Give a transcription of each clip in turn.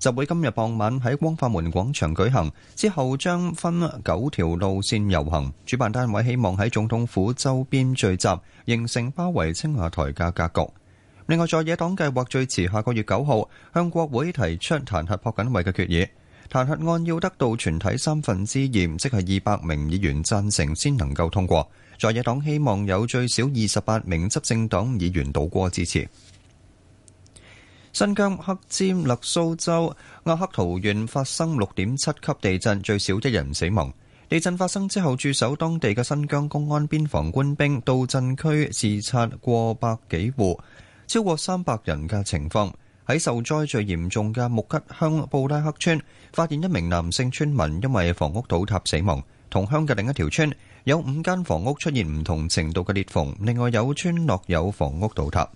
集會今日傍晚喺光化門廣場舉行，之後將分九條路線遊行。主辦單位希望喺總統府周邊聚集，形成包圍青瓦台嘅格局。另外，在野黨計劃最遲下個月九號向國會提出彈劾朴槿惠嘅決議。彈劾案要得到全體三分之二，即係二百名議員贊成先能夠通過。在野黨希望有最少二十八名執政黨議員倒戈支持。新疆克孜勒蘇州阿克陶縣發生六點七級地震，最少一人死亡。地震發生之後，駐守當地嘅新疆公安邊防官兵到震區視察過百幾戶，超過三百人嘅情況。喺受災最嚴重嘅木吉鄉布拉克村，發現一名男性村民因為房屋倒塌死亡。同鄉嘅另一條村有五間房屋出現唔同程度嘅裂縫，另外有村落有房屋倒塌。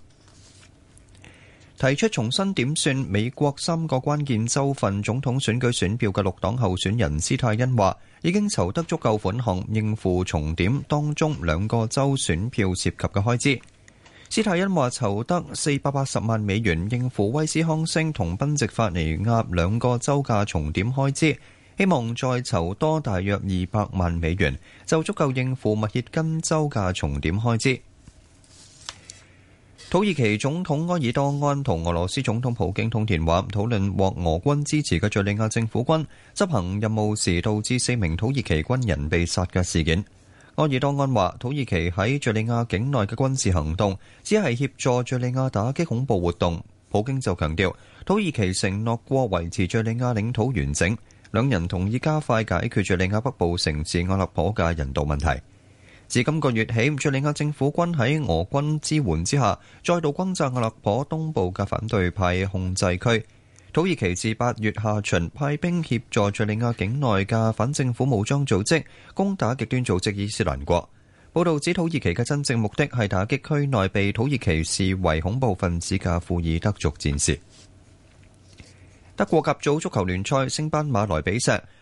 提出重新點算美國三個關鍵州份總統選舉選票嘅六黨候選人斯泰恩話已經籌得足夠款項應付重點當中兩個州選票涉及嘅開支。斯泰恩話籌得四百八十萬美元應付威斯康星同賓夕法尼亞兩個州嘅重點開支，希望再籌多大約二百萬美元就足夠應付密歇根州嘅重點開支。土耳其總統埃爾多安同俄羅斯總統普京通電話，討論獲俄軍支持嘅敘利亞政府軍執行任務時導致四名土耳其軍人被殺嘅事件。埃爾多安話：土耳其喺敘利亞境內嘅軍事行動只係協助敘利亞打擊恐怖活動。普京就強調，土耳其承諾過維持敘利亞領土完整。兩人同意加快解決敘利亞北部城市阿勒頗嘅人道問題。自今個月起，敍利亞政府軍喺俄軍支援之下，再度攻佔阿勒頗東部嘅反對派控制區。土耳其自八月下旬派兵協助敍利亞境內嘅反政府武裝組織攻打極端組織伊斯蘭國。報道指土耳其嘅真正目的係打擊區內被土耳其視為恐怖分子嘅庫爾德族戰士。德國甲組足球聯賽升班馬萊比錫。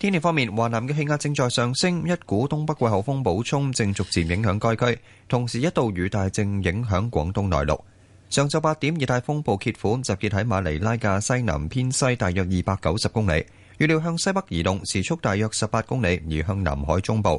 天氣方面，華南嘅氣壓正在上升，一股東北季候風補充正逐漸影響該區。同時，一道雨帶正影響廣東內陸。上晝八點，熱帶風暴揭款集結喺馬尼拉嘅西南偏西，大約二百九十公里。預料向西北移動，時速大約十八公里，移向南海中部。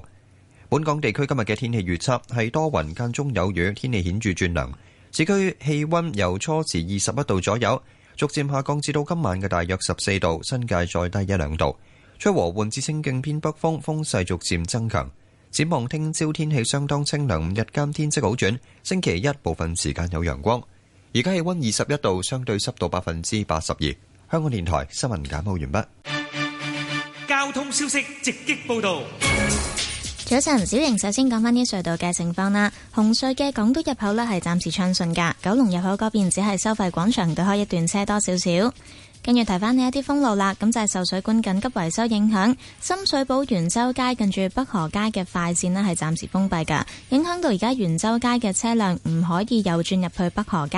本港地區今日嘅天氣預測係多雲間中有雨，天氣顯著轉涼。市區氣溫由初時二十一度左右，逐漸下降至到今晚嘅大約十四度，新界再低一兩度。吹和緩至清勁偏北風，風勢逐漸增強。展望聽朝天氣相當清涼，日間天色好轉。星期一部分時間有陽光。而家氣溫二十一度，相對濕度百分之八十二。香港電台新聞簡報完畢。交通消息直擊報道。早晨，小瑩首先講返啲隧道嘅情況啦。紅隧嘅港島入口呢，係暫時暢順㗎，九龍入口嗰邊只係收費廣場對開一段車多少少。跟住提翻呢一啲封路啦，咁就係受水管緊急維修影響，深水埗元州街近住北河街嘅快線呢係暫時封閉噶影響到而家元州街嘅車輛唔可以右轉入去北河街。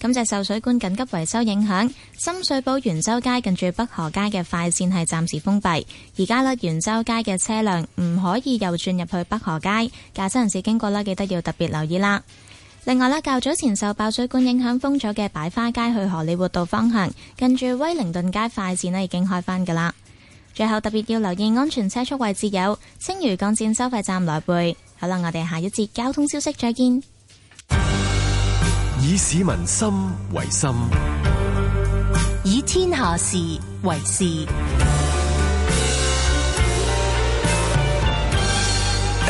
咁就係受水管緊急維修影響，深水埗元州街近住北河街嘅快線係暫時封閉，而家呢元州街嘅車輛唔可以右轉入去北河街，駕駛人士經過呢記得要特別留意啦。另外啦，較早前受爆水管影響封咗嘅擺花街去荷里活道方向，world, flying, 近住威靈頓街快線咧已經開翻噶啦。最後特別要留意安全車速位置，有青嶼幹線收費站來背。好啦，我哋下一節交通消息再見。以市民心為心，以天下事為事。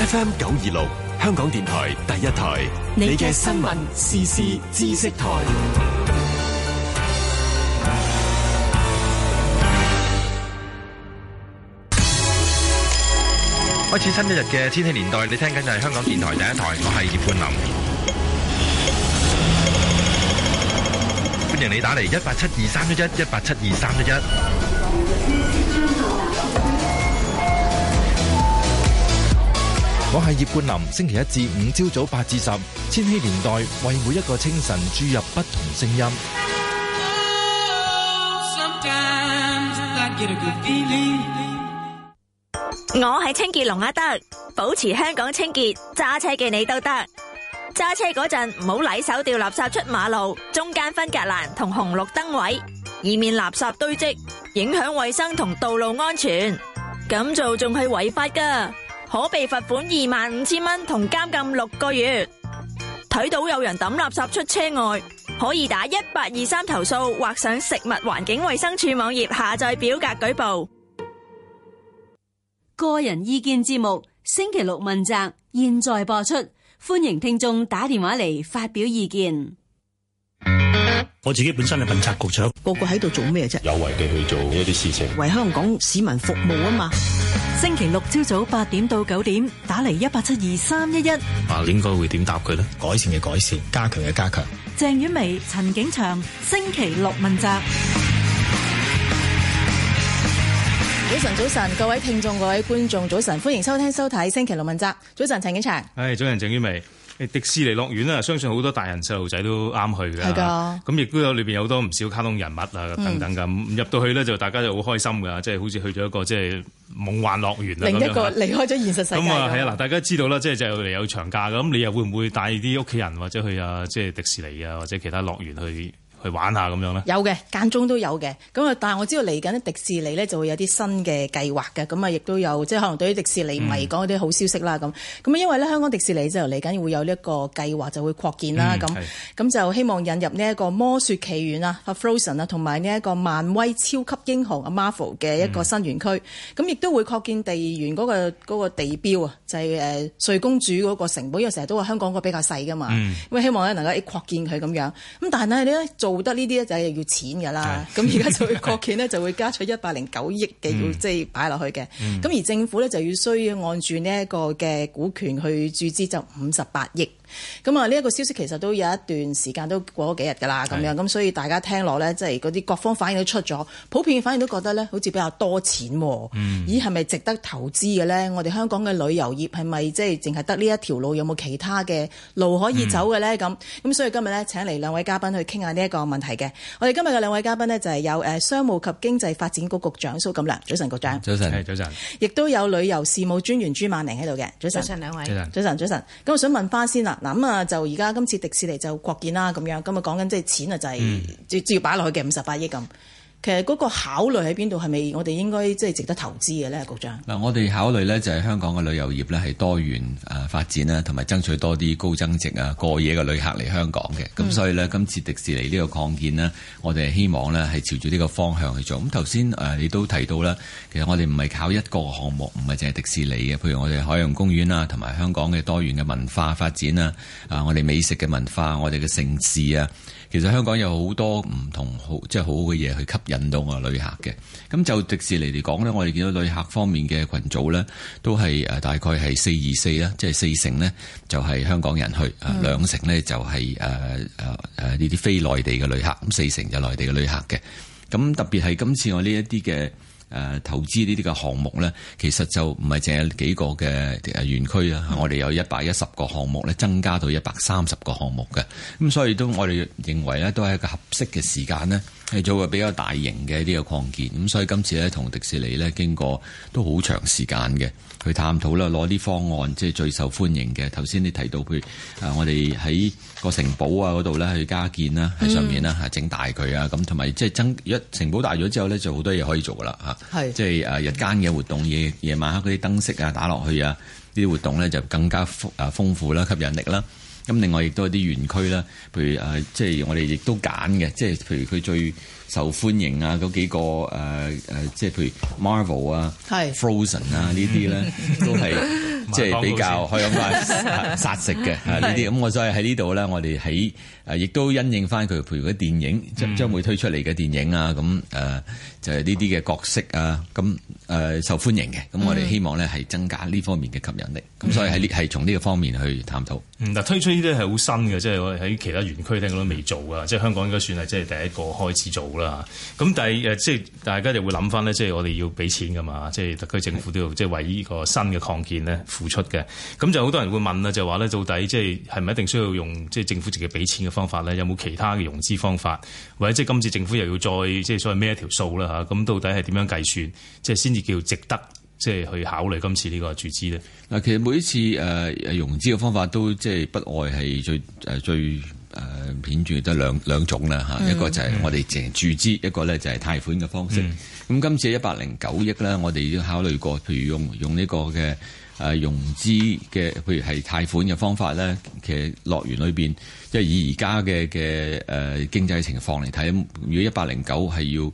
FM 九二六。香港電台第一台，你嘅新聞時事知識台，開始新一日嘅千禧年代，你聽緊就係香港電台第一台，我係葉冠霖，歡迎你打嚟一八七二三一一一八七二三一一。我係葉冠霖，星期一至五朝早八至十，千禧年代為每一個清晨注入不同聲音。我係清潔龍阿德，保持香港清潔，揸車嘅你都得。揸車嗰陣唔好離手掉垃圾出馬路、中間分隔欄同紅綠燈位，以免垃圾堆積，影響衛生同道路安全。咁做仲係違法㗎。可被罰款二萬五千蚊同監禁六個月。睇到有人抌垃圾出車外，可以打一八二三投訴，或上食物環境衛生署網頁下載表格舉報。個人意見節目，星期六問責，現在播出，歡迎聽眾打電話嚟發表意見。我自己本身係問責局長，個個喺度做咩啫？有為地去做呢啲事情，為香港市民服務啊嘛。星期六朝早八點到九點，打嚟一八七二三一一。啊，應該會點答佢咧？改善嘅改善，加強嘅加強。鄭婉薇、陳景祥，星期六問責。早晨，早晨，各位聽眾、各位觀眾，早晨，歡迎收聽、收睇星期六問責。早晨，陳景祥。係早晨，鄭婉薇。欸、迪士尼樂園啦，相信好多大人細路仔都啱去㗎。係㗎的，咁亦都有裏邊有好多唔少卡通人物啊等等㗎。入到、嗯、去咧就大家就好開心㗎，即、就、係、是、好似去咗一個即係、就是、夢幻樂園另一個離開咗現實世界。咁啊係啊嗱，大家知道啦，即係就嚟、是、有長假咁，你又會唔會帶啲屋企人或者去啊，即、就、係、是、迪士尼啊或者其他樂園去？去玩下咁樣啦，有嘅間中都有嘅。咁啊，但係我知道嚟緊迪士尼呢就會有啲新嘅計劃嘅。咁啊，亦都有即係可能對於迪士尼嚟講，係啲好消息啦咁。咁、嗯、因為咧香港迪士尼就嚟緊會有呢一個計劃，就會擴建啦。咁咁、嗯、就希望引入呢一個魔雪奇緣啊，Frozen 啊，同埋呢一個漫威超級英雄 Marvel 嘅一個新園區。咁亦都會擴建地園嗰、嗰個嗰個地標啊，就係誒睡公主嗰個城堡，因為成日都話香港個比較細㗎嘛。咁啊、嗯，因為希望咧能夠擴建佢咁樣。咁但係呢做。冇得呢啲咧就係要錢噶啦，咁而家就會擴建咧就會加取一百零九億嘅要即係擺落去嘅，咁 而政府咧就要需要按住呢一個嘅股權去注資，就五十八億。咁啊，呢一個消息其實都有一段時間都過咗幾日㗎啦，咁樣咁，所以大家聽落呢，即係嗰啲各方反應都出咗，普遍反應都覺得呢好似比較多錢，咦，係咪值得投資嘅呢？我哋香港嘅旅遊業係咪即係淨係得呢一條路？有冇其他嘅路可以走嘅呢？咁咁，所以今日呢，請嚟兩位嘉賓去傾下呢一個問題嘅。我哋今日嘅兩位嘉賓呢，就係有誒商務及經濟發展局局長蘇錦樑，早晨，局長。早晨，係早晨。亦都有旅遊事務專員朱曼鈴喺度嘅，早晨。早晨兩位。早晨，早晨，早晨，咁我想問翻先啦。嗱啊，就而家今次迪士尼就擴建啦，咁樣咁啊，講緊即係錢啊，就是，就係照照擺落去嘅五十八億咁。其實嗰個考慮喺邊度，係咪我哋應該即係值得投資嘅呢？局長？嗱，我哋考慮呢就係香港嘅旅遊業呢係多元啊發展啦，同埋爭取多啲高增值啊過夜嘅旅客嚟香港嘅。咁所以呢，今次迪士尼呢個擴建呢，我哋希望呢係朝住呢個方向去做。咁頭先誒你都提到啦，其實我哋唔係靠一個項目，唔係淨係迪士尼嘅，譬如我哋海洋公園啊，同埋香港嘅多元嘅文化發展啊，啊我哋美食嘅文化，我哋嘅城市啊。其實香港有好多唔同好即係好好嘅嘢去吸引到我旅客嘅，咁就迪士尼嚟講呢，我哋見到旅客方面嘅群組呢，都係誒、呃、大概係四二四啦，即係四成呢就係香港人去，嗯、兩成呢就係誒誒誒呢啲非內地嘅旅客，咁四成就內地嘅旅客嘅，咁特別係今次我呢一啲嘅。誒，投資呢啲嘅項目咧，其實就唔係淨係幾個嘅園區啊，嗯、我哋有一百一十個項目咧，增加到一百三十個項目嘅，咁所以都我哋認為咧，都係一個合適嘅時間咧。係做個比較大型嘅一啲嘅擴建，咁所以今次咧同迪士尼咧經過都好長時間嘅去探討啦，攞啲方案，即係最受歡迎嘅。頭先你提到佢啊，譬如我哋喺個城堡啊嗰度咧去加建啦，喺上面啦嚇整大佢啊，咁同埋即係增一城堡大咗之後咧就好多嘢可以做噶啦嚇，是即係啊日間嘅活動，夜夜晚黑嗰啲燈飾啊打落去啊，呢啲活動咧就更加豐啊豐富啦，吸引力啦。咁另外亦都係啲園區啦，譬如誒、呃，即係我哋亦都揀嘅，即係譬如佢最受歡迎啊！嗰幾個誒誒即係譬如 Marvel 啊、係 Frozen 啊呢啲咧，都係即係比較可以咁話殺殺食嘅啊！呢啲咁，我所以喺呢度咧，我哋喺誒亦都因應翻佢譬如啲電影將將會推出嚟嘅電影啊，咁誒就係呢啲嘅角色啊，咁誒受歡迎嘅，咁我哋希望咧係增加呢方面嘅吸引力，咁所以喺呢係從呢個方面去探討。嗯，嗱推出呢啲係好新嘅，即係我哋喺其他園區聽講都未做啊，即係香港應該算係即係第一個開始做。啦，咁但係誒，即係大家就會諗翻咧，即係我哋要俾錢噶嘛，即係特區政府都要即係為呢個新嘅擴建咧付出嘅。咁就好多人會問啦，就話咧，到底即係係咪一定需要用即係政府直接俾錢嘅方法咧？有冇其他嘅融資方法？或者即係今次政府又要再即係所謂孭一條數啦嚇？咁到底係點樣計算？即係先至叫值得，即係去考慮今次呢個注資咧？嗱，其實每一次誒融資嘅方法都即係不外係最誒最。最誒片住得兩兩種啦嚇，嗯、一個就係我哋淨係注資，嗯、一個咧就係貸款嘅方式。咁、嗯、今次一百零九億咧，我哋已經考慮過，譬如用用呢個嘅誒、啊、融資嘅，譬如係貸款嘅方法咧。其實樂園裏邊即係以而家嘅嘅誒經濟情況嚟睇，如果一百零九係要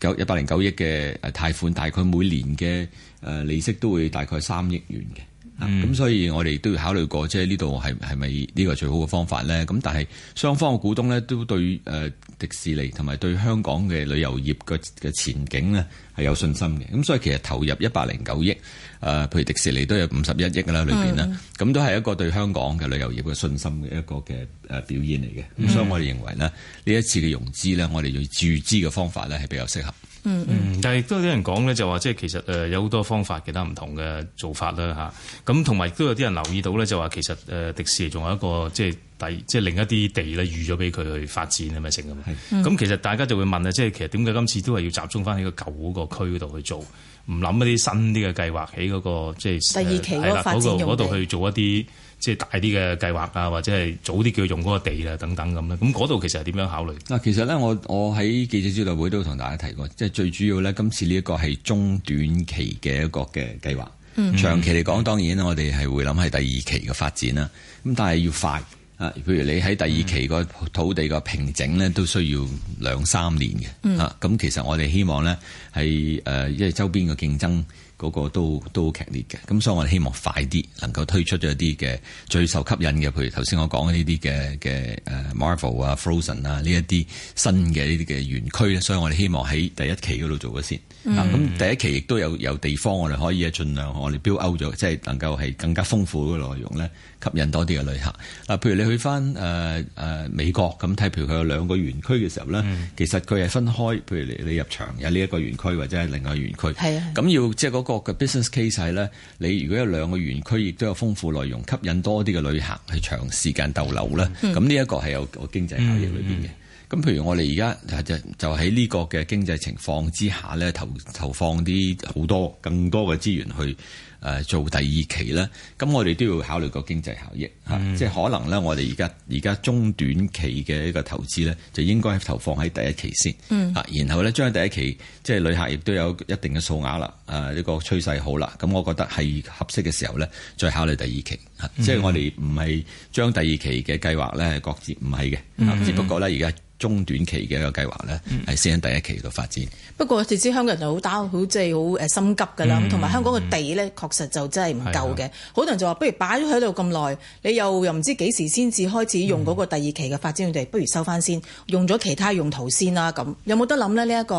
九一百零九億嘅貸款，大概每年嘅誒利息都會大概三億元嘅。咁、嗯、所以我哋都要考慮過，即係呢度係係咪呢個最好嘅方法呢？咁但係雙方嘅股東呢都對誒迪士尼同埋對香港嘅旅遊業嘅嘅前景呢係有信心嘅。咁所以其實投入一百零九億，誒、呃，譬如迪士尼都有五十一億啦，裏邊呢，咁都係一個對香港嘅旅遊業嘅信心嘅一個嘅誒表現嚟嘅。咁的所以我哋認為呢，呢一次嘅融資呢，我哋要注資嘅方法呢係比較適合。嗯嗯，但係亦都有啲人講咧，就話即係其實誒有好多方法其他唔同嘅做法啦嚇，咁同埋亦都有啲人留意到咧，就話其實誒迪士尼仲有一個即係第即係另一啲地咧預咗俾佢去發展係咪成咁？咁、嗯、其實大家就會問咧，即係其實點解今次都係要集中翻喺個舊嗰個區度去做，唔諗一啲新啲嘅計劃喺嗰、嗰個即係第二期度、嗰度、去做一啲。即係大啲嘅計劃啊，或者係早啲叫用嗰個地啊，等等咁咧。咁嗰度其實係點樣考慮？嗱，其實咧，我我喺記者招待會都同大家提過，即係最主要咧，今次呢一個係中短期嘅一個嘅計劃。Mm hmm. 長期嚟講，當然我哋係會諗係第二期嘅發展啦。咁但係要快啊！譬如你喺第二期個土地嘅平整咧，都需要兩三年嘅啊。咁、mm hmm. 其實我哋希望咧係誒，因為周邊嘅競爭。嗰個都都好劇烈嘅，咁所以我哋希望快啲能夠推出咗一啲嘅最受吸引嘅，譬如頭先我講嘅呢啲嘅嘅誒 Marvel 啊 Frozen 啊呢一啲新嘅呢啲嘅園區咧，所以我哋希望喺第一期嗰度做咗先，咁、嗯啊、第一期亦都有有地方我哋可以啊盡量我哋標勾咗，即係能夠係更加豐富嘅內容咧。吸引多啲嘅旅客，嗱、呃呃，譬如你去翻誒誒美國咁睇，譬如佢有兩個園區嘅時候呢，嗯、其實佢係分開，譬如你你入場有呢一個園區或者係另外個園區，咁、嗯、要即係嗰個嘅 business case 呢，你如果有兩個園區，亦都有豐富內容，吸引多啲嘅旅客去長時間逗留呢。咁呢一個係有個經濟效益裏邊嘅。嗯嗯嗯咁譬如我哋而家就就喺呢個嘅經濟情況之下咧，投投放啲好多更多嘅資源去誒做第二期啦。咁我哋都要考慮個經濟效益嚇，嗯、即係可能咧，我哋而家而家中短期嘅一個投資咧，就應該係投放喺第一期先嚇。嗯、然後咧，將第一期即係旅客亦都有一定嘅數額啦，誒、啊、呢、這個趨勢好啦。咁我覺得係合適嘅時候咧，再考慮第二期、嗯、即係我哋唔係將第二期嘅計劃咧，各自唔係嘅，嗯、只不過咧而家。中短期嘅一個計劃咧，係、嗯、先喺第一期度發展。不過我哋知香港人就好打好，即係好誒心急㗎啦。咁同埋香港嘅地咧，確實就真係唔夠嘅。嗯、好多人就話，不如擺咗喺度咁耐，你又又唔知幾時先至開始用嗰個第二期嘅發展地，嗯、不如收翻先，用咗其他用途先啦。咁有冇得諗咧？呢、這、一個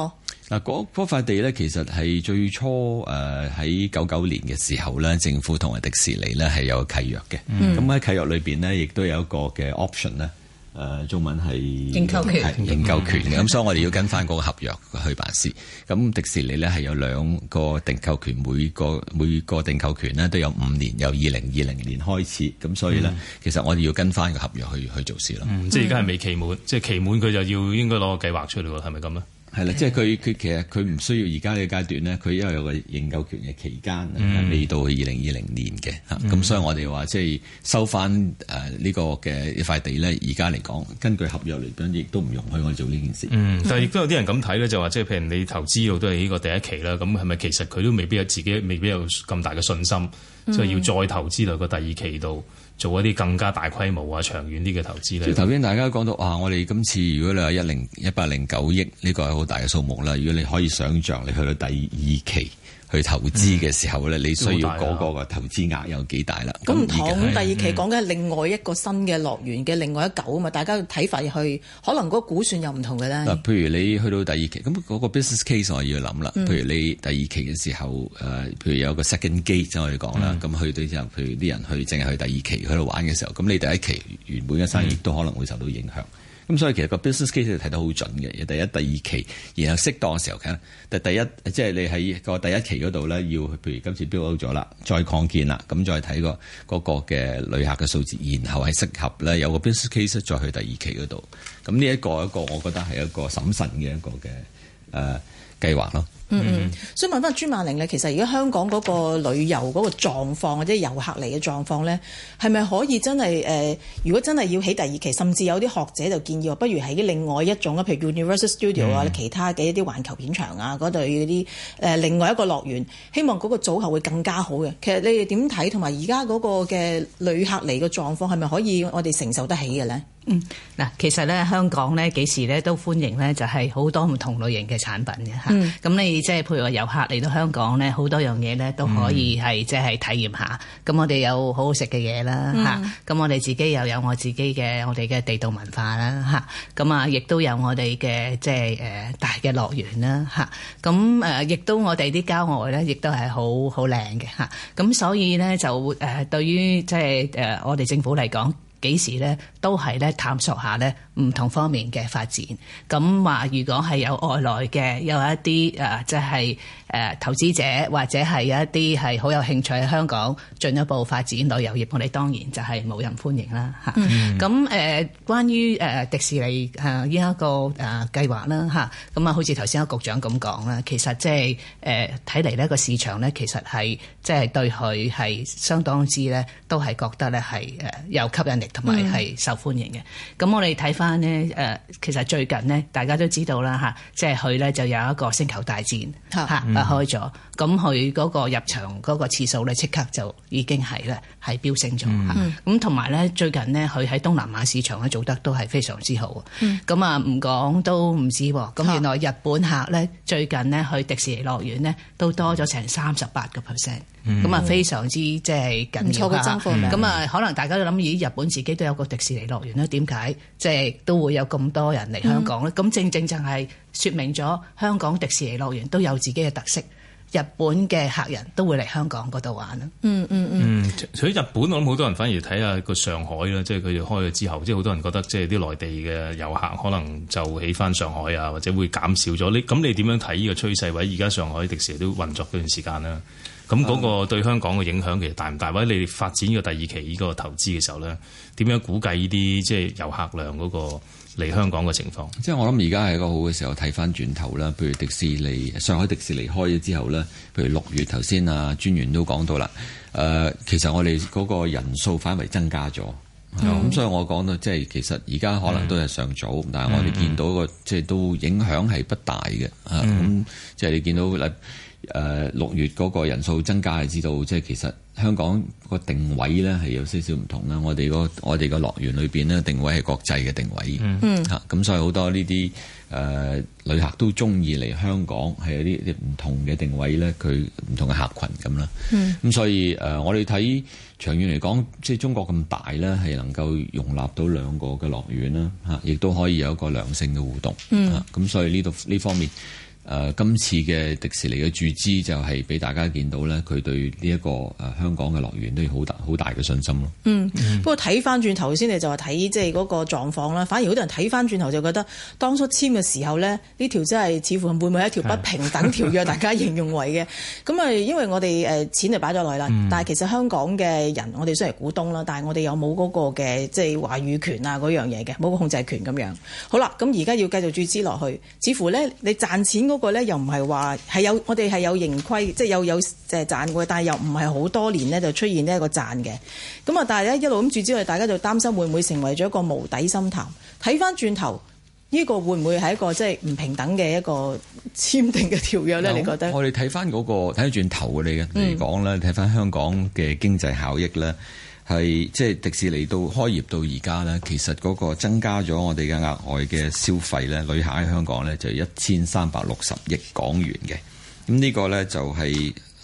嗱，嗰塊地咧，其實係最初誒喺九九年嘅時候咧，政府同埋迪士尼咧係有契約嘅。咁喺、嗯嗯、契約裏邊呢，亦都有一個嘅 option 咧。誒、呃、中文係認購權，認購權咁， 所以我哋要跟翻嗰個合約去辦事。咁迪士尼咧係有兩個訂購權，每個每個訂購權咧都有五年，由二零二零年開始。咁所以咧，嗯、其實我哋要跟翻個合約去去做事咯、嗯。即係而家係未期滿，即係期滿佢就要應該攞個計劃出嚟喎，係咪咁咧？係啦，即係佢佢其實佢唔需要而家呢個階段咧，佢因為有個認購權嘅期間、嗯、未到二零二零年嘅，咁、嗯、所以我哋話即係收翻誒呢個嘅一塊地咧，而家嚟講，根據合約嚟講，亦都唔容許我做呢件事。嗯、但係亦都有啲人咁睇咧，就話即係譬如你投資到都係呢個第一期啦，咁係咪其實佢都未必有自己未必有咁大嘅信心，即係、嗯、要再投資落個第二期度。做一啲更加大規模啊、長遠啲嘅投資咧。即係頭先大家講到啊，我哋今次如果你話一零一百零九億，呢個係好大嘅數目啦。如果你可以想像，你去到第二期，去投資嘅時候咧，嗯、你需要嗰個投資額有幾大啦？咁唔、嗯、同見第二期講緊係另外一個新嘅樂園嘅另外一嚿啊嘛，嗯、大家睇法又去可能個估算又唔同嘅咧。嗱，譬如你去到第二期，咁嗰個 business case 我要諗啦。譬、嗯、如你第二期嘅時候，誒、呃，譬如有個 second gate 就可以講啦。咁、嗯、去到之後，譬如啲人去，淨係去第二期喺度玩嘅時候，咁你第一期原本嘅生意都可能會受到影響。嗯咁、嗯、所以其實個 business case 就睇得好準嘅，第一、第二期，然後適當嘅時候睇。但第一即係你喺個第一期嗰度咧，要譬如今次 build out 咗啦，再擴建啦，咁再睇個嗰個嘅旅客嘅數字，然後係適合咧有個 business case 再去第二期嗰度。咁呢一個一個，我覺得係一個審慎嘅一個嘅誒計劃咯。嗯、mm hmm. 嗯，所以問翻朱曼玲咧，其實而家香港嗰個旅遊嗰個狀況，或者遊客嚟嘅狀況咧，係咪可以真係誒、呃？如果真係要起第二期，甚至有啲學者就建議話，不如喺另外一種啊，譬如 Universal Studio 啊，其他嘅一啲環球片場啊，嗰度嗰啲誒另外一個樂園，希望嗰個組合會更加好嘅。其實你哋點睇？同埋而家嗰個嘅旅客嚟嘅狀況係咪可以我哋承受得起嘅咧？嗯嗱，其實咧，香港咧幾時咧都歡迎咧，就係好多唔同類型嘅產品嘅嚇。咁、嗯啊、你即係譬如話遊客嚟到香港咧，好多樣嘢咧都可以係即係體驗下。咁、嗯、我哋有好好食嘅嘢啦嚇，咁、嗯啊、我哋自己又有我自己嘅我哋嘅地道文化啦嚇。咁啊，亦、啊、都有我哋嘅即係誒、呃、大嘅樂園啦嚇。咁、啊、誒，亦都我哋啲郊外咧，亦都係好好靚嘅嚇。咁、啊、所以咧就誒，對於即係誒我哋政府嚟講，幾時咧，都係咧探索下咧唔同方面嘅發展。咁話如果係有外來嘅有一啲誒即係誒投資者或者係有一啲係好有興趣喺香港進一步發展旅遊業，我哋當然就係冇人歡迎啦吓。咁誒、嗯、關於誒迪士尼誒呢一個誒計劃啦吓，咁啊好似頭先阿局長咁講啦，其實即係誒睇嚟呢個市場咧其實係即係對佢係相當之咧，都係覺得咧係誒有吸引力同埋係受，歡迎嘅，咁我哋睇翻咧，誒、呃，其實最近咧，大家都知道啦吓、啊，即係佢咧就有一個星球大戰吓，嚇、oh. 開咗。Mm hmm. 咁佢嗰個入場嗰個次數咧，即刻就已經係咧係飆升咗。咁同埋咧，最近呢，佢喺東南亞市場咧做得都係非常之好。咁啊、嗯，唔講、嗯、都唔知。咁原來日本客咧最近呢，去迪士尼樂園咧都多咗成三十八個 percent，咁啊非常之即係緊密。咁啊，嗯、可能大家都諗，咦？日本自己都有個迪士尼樂園咧，點解即係都會有咁多人嚟香港咧？咁、嗯、正正就係説明咗香港迪士尼樂園都有自己嘅特色。日本嘅客人都會嚟香港嗰度玩咯。嗯嗯嗯。嗯，嗯嗯除咗日本，我諗好多人反而睇下個上海啦，即係佢哋開咗之後，即係好多人覺得即係啲內地嘅遊客可能就起翻上海啊，或者會減少咗。你咁你點樣睇呢個趨勢或者而家上海迪士尼都運作嗰段時間啦。咁嗰個對香港嘅影響其實大唔大？或者你發展呢個第二期呢個投資嘅時候咧，點樣估計呢啲即係遊客量嗰個？嚟香港嘅情況，即係我諗而家係一個好嘅時候，睇翻轉頭啦。譬如迪士尼，上海迪士尼開咗之後咧，譬如六月頭先啊，專員都講到啦。誒、呃，其實我哋嗰個人數反為增加咗，咁、mm hmm. 嗯、所以我講到即係其實而家可能都係尚早，mm hmm. 但係我哋見到、那個即係都影響係不大嘅啊。咁、嗯 mm hmm. 即係你見到嗱。誒六、呃、月嗰個人數增加係知道，即係其實香港個定位咧係有少少唔同啦。我哋個我哋個樂園裏邊咧定位係國際嘅定位，嚇咁、嗯啊、所以好多呢啲誒旅客都中意嚟香港，係有啲啲唔同嘅定位咧，佢唔同嘅客群咁啦。咁、啊嗯啊、所以誒、呃，我哋睇長遠嚟講，即係中國咁大咧，係能夠容納到兩個嘅樂園啦，嚇亦都可以有一個良性嘅互動，嚇、啊、咁、啊、所以呢度呢方面。嗯誒、呃、今次嘅迪士尼嘅注資就係俾大家見到咧，佢對呢、這、一個誒、呃、香港嘅樂園都有好大好大嘅信心咯。嗯，嗯不過睇翻轉頭先，你就話睇即係嗰個狀況啦。反而好多人睇翻轉頭就覺得，當初簽嘅時候咧，呢條真係似乎會唔會係一條不平等條約？大家形容為嘅。咁啊，因為我哋誒錢就擺咗落去啦，嗯、但係其實香港嘅人，我哋雖然係股東啦，但係我哋有冇嗰個嘅即係話語權啊嗰樣嘢嘅，冇個控制權咁樣。好啦，咁而家要繼續注資落去，似乎咧你賺錢。那個不過咧，又唔係話係有，我哋係有盈虧，即係有有誒賺嘅，但係又唔係好多年咧就出現呢一個賺嘅。咁啊，但係咧一路諗住之後，大家就擔心會唔會成為咗一個無底深潭？睇翻轉頭，呢、這個會唔會係一個即係唔平等嘅一個簽訂嘅條約咧？有你覺得？我哋睇翻嗰個睇翻轉頭嘅嚟嚟講咧，睇翻、嗯、香港嘅經濟效益咧。係即係迪士尼到開業到而家呢，其實嗰個增加咗我哋嘅額外嘅消費呢，旅客喺香港呢，就一千三百六十億港元嘅。咁、這、呢個呢、就係，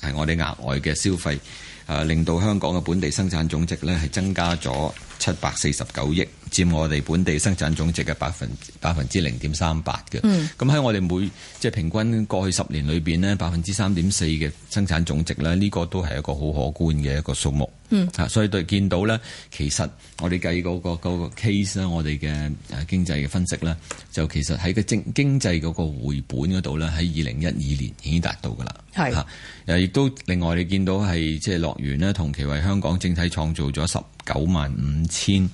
就係係我哋額外嘅消費，誒、啊、令到香港嘅本地生產總值呢，係增加咗七百四十九億。佔我哋本地生產總值嘅百分百分之零點三八嘅，咁喺、嗯、我哋每即係、就是、平均過去十年裏邊呢，百分之三點四嘅生產總值咧，呢、這個都係一個好可觀嘅一個數目。嗯，嚇、啊，所以對見到咧，其實我哋計嗰、那個那個 case 咧，我哋嘅經濟嘅分析咧，就其實喺個政經濟嗰個回本嗰度咧，喺二零一二年已經達到噶啦，係嚇是。然亦、啊、都另外你見到係即係樂園呢，同期為香港整體創造咗十九萬五千，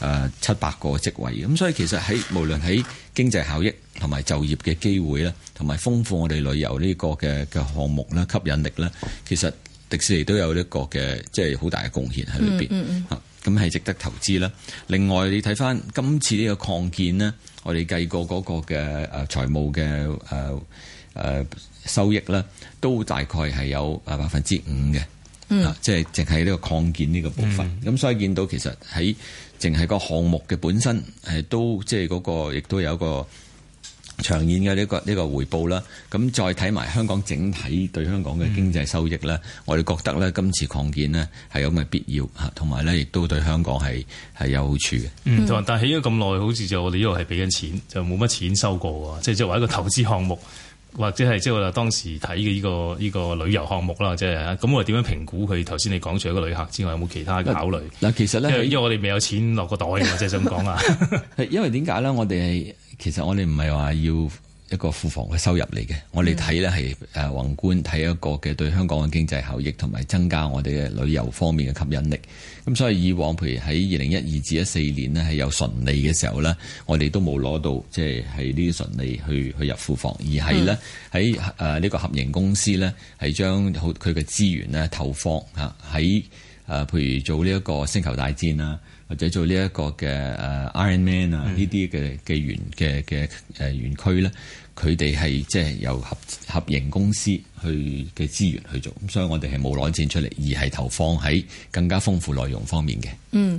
誒七百個職位，咁所以其實喺無論喺經濟效益同埋就業嘅機會咧，同埋豐富我哋旅遊呢個嘅嘅項目啦，吸引力咧，其實迪士尼都有一個嘅即係好大嘅貢獻喺裏邊，咁係值得投資啦。另外你睇翻今次呢個擴建呢，我哋計過嗰個嘅誒財務嘅誒誒收益咧，都大概係有誒百分之五嘅，即係淨係呢個擴建呢個部分。咁、嗯、所以見到其實喺淨係個項目嘅本身，誒都即係嗰個，亦都有一個長遠嘅呢個呢個回報啦。咁再睇埋香港整體對香港嘅經濟收益咧，嗯、我哋覺得咧今次擴建咧係有咁嘅必要吓，同埋咧亦都對香港係係有好處嘅。嗯，但係起咗咁耐，好似就我哋呢度係俾緊錢，就冇乜錢收過啊！即係作為一個投資項目。或者係即係我哋當時睇嘅呢個呢個旅遊項目啦，即係嚇，咁我哋點樣評估佢，頭先你講除咗個旅客之外，有冇其他嘅考慮？嗱，其實咧，因為我哋未有錢落個袋，或者係想講啊。 因為點解咧？我哋其實我哋唔係話要。一個庫房嘅收入嚟嘅，我哋睇呢係誒宏觀睇一個嘅對香港嘅經濟效益，同埋增加我哋嘅旅遊方面嘅吸引力。咁所以以往譬如喺二零一二至一四年呢係有純利嘅時候呢，我哋都冇攞到即係係呢啲純利去去入庫房，而係呢，喺誒呢個合營公司呢，係將好佢嘅資源呢投放嚇喺誒譬如做呢一個星球大戰啦。或者做呢一個嘅誒 Iron Man 啊呢啲嘅嘅園嘅嘅誒園區咧，佢哋係即係由合合營公司去嘅資源去做，咁所以我哋係冇攞錢出嚟，而係投放喺更加豐富內容方面嘅。嗯，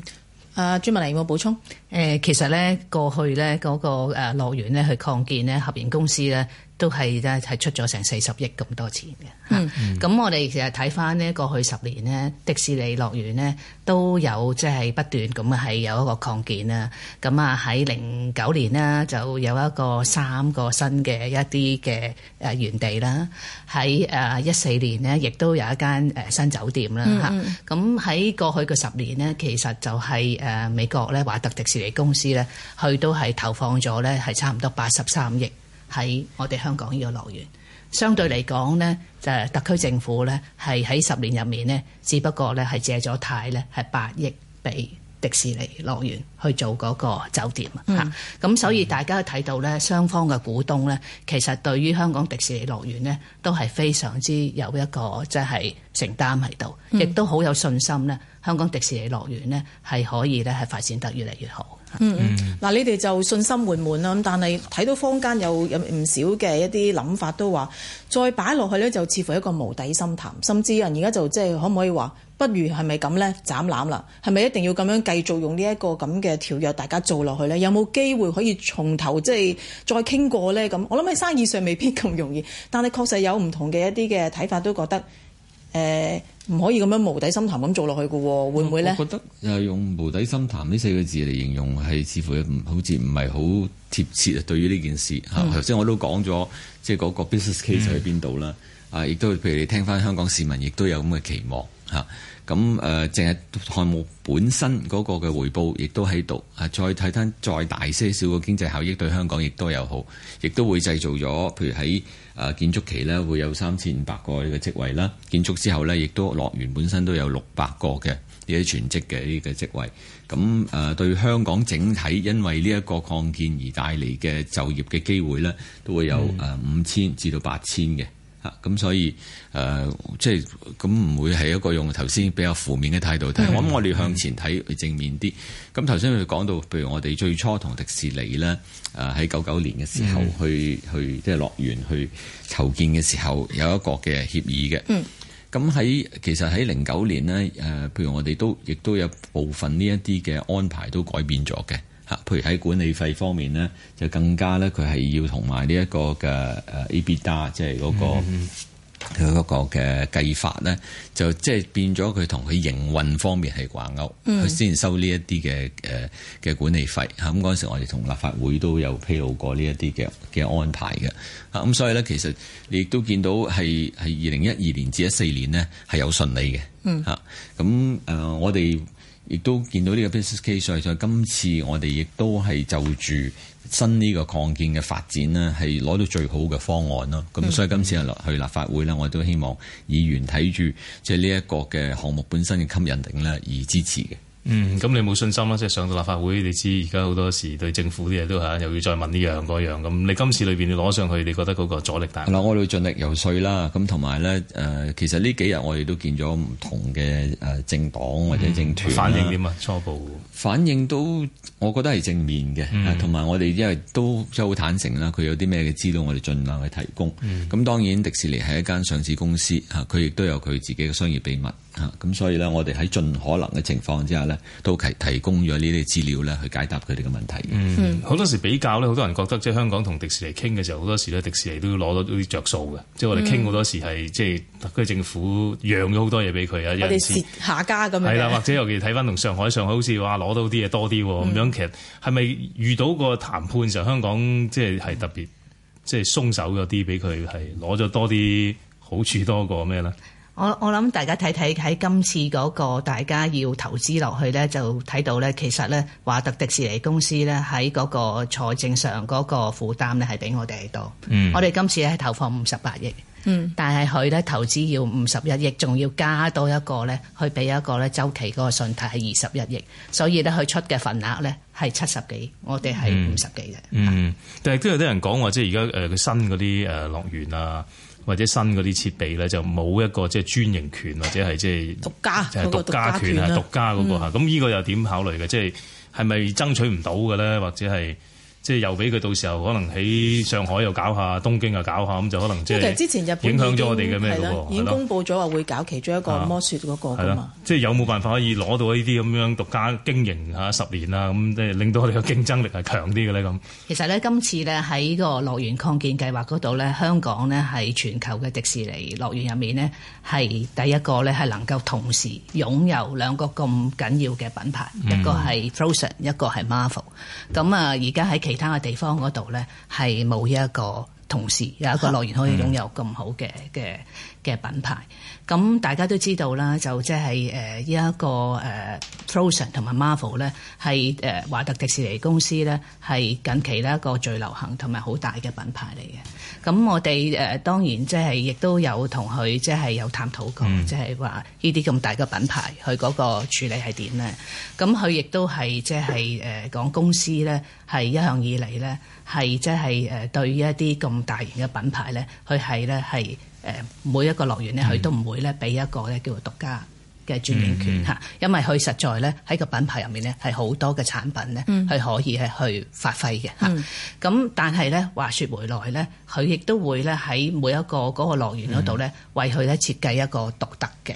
阿朱曼鈴有冇補充？誒、呃，其實咧過去咧嗰、那個誒樂園咧去擴建咧合營公司咧。都係咧，係出咗成四十億咁多錢嘅。咁我哋其實睇翻咧過去十年咧，迪士尼樂園咧都有即係不斷咁係有一個擴建啦。咁啊喺零九年咧就有一個三個新嘅一啲嘅誒園地啦。喺誒一四年咧亦都有一間誒新酒店啦。嚇！咁喺過去嘅十年咧，其實就係誒美國咧華特迪士尼公司咧，佢都係投放咗咧係差唔多八十三億。喺我哋香港呢個樂園相對嚟講咧，就係、是、特區政府咧，係喺十年入面咧，只不過咧係借咗貸咧，係八億俾迪士尼樂園去做嗰個酒店、嗯、啊咁所以大家睇到咧，雙、嗯、方嘅股東咧，其實對於香港迪士尼樂園咧，都係非常之有一個即係承擔喺度，嗯、亦都好有信心咧，香港迪士尼樂園咧係可以咧係發展得越嚟越好。嗯嗯，嗱、嗯、你哋就信心滿滿啦，咁但係睇到坊間有有唔少嘅一啲諗法都話，再擺落去咧就似乎一個無底深潭，甚至有人而家就即係可唔可以話，不如係咪咁咧斬攬啦？係咪一定要咁樣繼續用呢一個咁嘅條約大家做落去咧？有冇機會可以從頭即係再傾過咧？咁我諗喺生意上未必咁容易，但係確實有唔同嘅一啲嘅睇法都覺得，誒、呃。唔可以咁樣無底深潭咁做落去嘅喎，啊，我會唔會咧？我覺得又用無底深潭呢四個字嚟形容係似乎好似唔係好貼切啊。對於呢件事，頭先，嗯、我都講咗，即係嗰個 business case 喺邊度啦。啊，亦都譬如你聽翻香港市民亦都有咁嘅期望嚇。啊咁誒，淨係項目本身嗰個嘅回報，亦都喺度。啊，再睇睇再大些少嘅經濟效益對香港亦都有好，亦都會製造咗，譬如喺啊、呃、建築期呢，會有三千五百個呢個職位啦。建築之後呢，亦都樂園本身都有六百個嘅呢啲全職嘅呢個職位。咁誒、呃，對香港整體因為呢一個擴建而帶嚟嘅就業嘅機會呢，都會有誒五千至到八千嘅。啊，咁所以誒、呃，即係咁唔會係一個用頭先比較負面嘅態度睇。的我諗我哋向前睇，係正面啲。咁頭先佢講到，譬如我哋最初同迪士尼咧，誒喺九九年嘅時候去的去即係樂園去籌建嘅時候有一個嘅協議嘅。嗯的，咁喺其實喺零九年呢，誒、呃、譬如我哋都亦都有部分呢一啲嘅安排都改變咗嘅。啊，譬如喺管理費方面咧，就更加咧、那個，佢係要同埋呢一個嘅誒 EBITDA，即係嗰個佢嗰個嘅計法咧，就即、是、係變咗佢同佢營運方面係掛鈎，佢先收呢一啲嘅誒嘅管理費。嚇，咁嗰陣時我哋同立法會都有披露過呢一啲嘅嘅安排嘅。啊，咁所以咧，其實你亦都見到係係二零一二年至一四年呢，係有順利嘅。嗯，咁誒，我哋，亦都見到呢個 business case，所以今次我哋亦都係就住新呢個擴建嘅發展咧，係攞到最好嘅方案咯。咁、嗯、所以今次係落去立法會咧，我都希望議員睇住即係呢一個嘅項目本身嘅吸引力咧，而支持嘅。嗯，咁你冇信心啦，即係上到立法會，你知而家好多時對政府啲嘢都吓，又要再問呢樣嗰樣咁。你今次裏邊你攞上去，你覺得嗰個阻力大？嗯。我哋盡力游說啦，咁同埋咧，誒、呃，其實呢幾日我哋都見咗唔同嘅誒政黨或者政團。嗯。反應點啊？初步反應都，我覺得係正面嘅，同埋，嗯、我哋因為都即係好坦誠啦，佢有啲咩嘅資料，我哋盡量去提供。咁，嗯、當然迪士尼係一間上市公司，吓，佢亦都有佢自己嘅商業秘密，吓，啊，咁所以咧，我哋喺盡可能嘅情況之下。都提提供咗呢啲資料咧，去解答佢哋嘅問題。嗯，嗯、好多時比較咧，好多人覺得即係香港同迪士尼傾嘅時候，好多時咧，迪士尼都要攞到啲着數嘅。即係我哋傾好多時係即係特區政府讓咗好多嘢俾佢啊。有啲下家咁樣。係啦，或者尤其睇翻同上海，上海好似話，攞到啲嘢多啲咁樣。其實係咪遇到個談判嘅時候，香港即係係特別即係鬆手咗啲俾佢，係攞咗多啲好處，多過咩咧？我我諗大家睇睇喺今次嗰個大家要投資落去咧，就睇到咧，其實咧華特迪士尼公司咧喺嗰個財政上嗰個負擔咧係比我哋多。嗯，我哋今次咧投放五十八億，嗯，但係佢咧投資要五十一億，仲要加多一個咧，去俾一個咧週期嗰個信貸係二十一億，所以咧佢出嘅份額咧係七十幾，嗯，我哋係五十幾嘅。嗯，但係都有啲人講話，即係而家誒佢新嗰啲誒樂園啊。或者新嗰啲設備咧，就冇一個即係專營權，或者係即係獨家，即係獨家權啊，獨家嗰個吓，咁呢個又點考慮嘅？即係係咪爭取唔到嘅咧，或者係。即係又俾佢到時候可能喺上海又搞下，東京又搞下，咁就可能即係之前影響咗我哋嘅咩咯喎？已經公布咗話會搞其中一個《魔雪》嗰個㗎嘛。即係有冇辦法可以攞到呢啲咁樣獨家經營吓十年啊？咁即係令到我哋嘅競爭力係強啲嘅咧咁。其實咧，今次咧喺個樂園擴建計劃嗰度咧，香港咧係全球嘅迪士尼樂園入面咧係第一個咧係能夠同時擁有兩個咁緊要嘅品牌，一個係 Frozen，一個係 Marvel。咁啊，而家喺其其他嘅地方嗰度咧，係冇一個同事有一個樂園可以擁有咁好嘅嘅嘅品牌。咁 大家都知道啦，就即係誒呢一個誒 Frozen 同埋 Marvel 咧，係誒華特迪士尼公司咧係近期咧一個最流行同埋好大嘅品牌嚟嘅。咁我哋誒當然即係亦都有同佢即係有探討過，即係話呢啲咁大嘅品牌，佢嗰個處理係點咧？咁佢亦都係即係誒講公司咧，係一向以嚟咧係即係誒對於一啲咁大型嘅品牌咧，佢係咧係誒每一個樂園咧，佢都唔會咧俾一個咧叫做獨家。嘅專營權嚇，mm hmm. 因為佢實在咧喺個品牌入面咧係好多嘅產品咧係可以係去發揮嘅嚇。咁、mm hmm. 但係咧話說回來咧，佢亦都會咧喺每一個嗰個樂園嗰度咧，為佢咧設計一個獨特嘅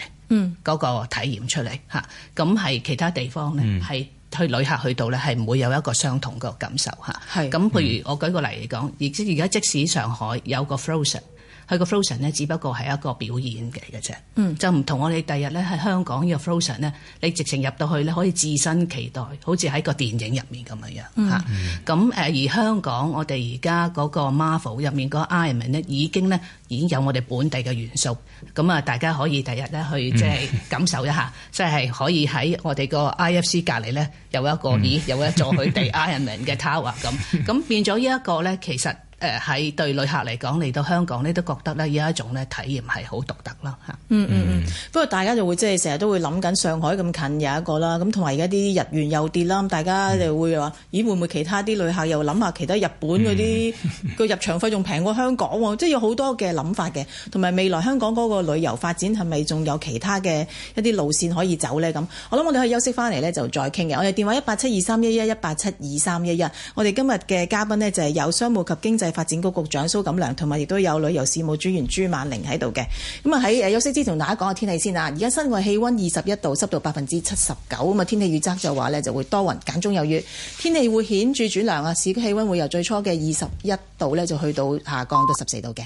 嗰個體驗出嚟嚇。咁係、mm hmm. 其他地方咧係、mm hmm. 去旅客去到咧係唔會有一個相同個感受嚇。係咁、mm，hmm. 譬如我舉個例嚟講，而即而家即使上海有個 Frozen。佢個 frozen 咧，只不過係一個表演嚟嘅啫。嗯，就唔同我哋第日咧喺香港呢個 frozen 咧，你直情入到去咧可以自身期待，好似喺個電影入面咁樣樣吓。咁誒而香港我哋而家嗰個 Marvel 入面嗰 Ironman 咧，已經咧已經有我哋本地嘅元素。咁啊，大家可以第日咧去即係感受一下，即係、嗯、 可以喺我哋個 IFC 隔籬咧有一個、嗯、 咦有一座佢哋 Ironman 嘅 tower 咁。咁 變咗呢一個咧，其實。誒喺對旅客嚟講嚟到香港呢都覺得呢有一種呢體驗係好獨特咯嚇。嗯嗯嗯，hmm. mm hmm. 不過大家就會即係成日都會諗緊上海咁近有一個啦，咁同埋而家啲日元又跌啦，大家就會話：咦，會唔會其他啲旅客又諗下其他日本嗰啲個入場費仲平過香港喎？即係有好多嘅諗法嘅，同埋未來香港嗰個旅遊發展係咪仲有其他嘅一啲路線可以走呢？咁我諗我哋可以休息返嚟呢，就再傾嘅。我哋電話一八七二三一一一八七二三一一，我哋今日嘅嘉賓呢，就係有商務及經濟。發展局局長蘇錦梁同埋亦都有旅遊事務專員朱曼鈴喺度嘅。咁啊喺休息之前，大家講下天氣先啦。而家室外氣溫二十一度，濕度百分之七十九，咁啊天氣預測就話咧就會多雲，間中有雨，天氣會顯著轉涼啊，市區氣溫會由最初嘅二十一度咧就去到下降到十四度嘅。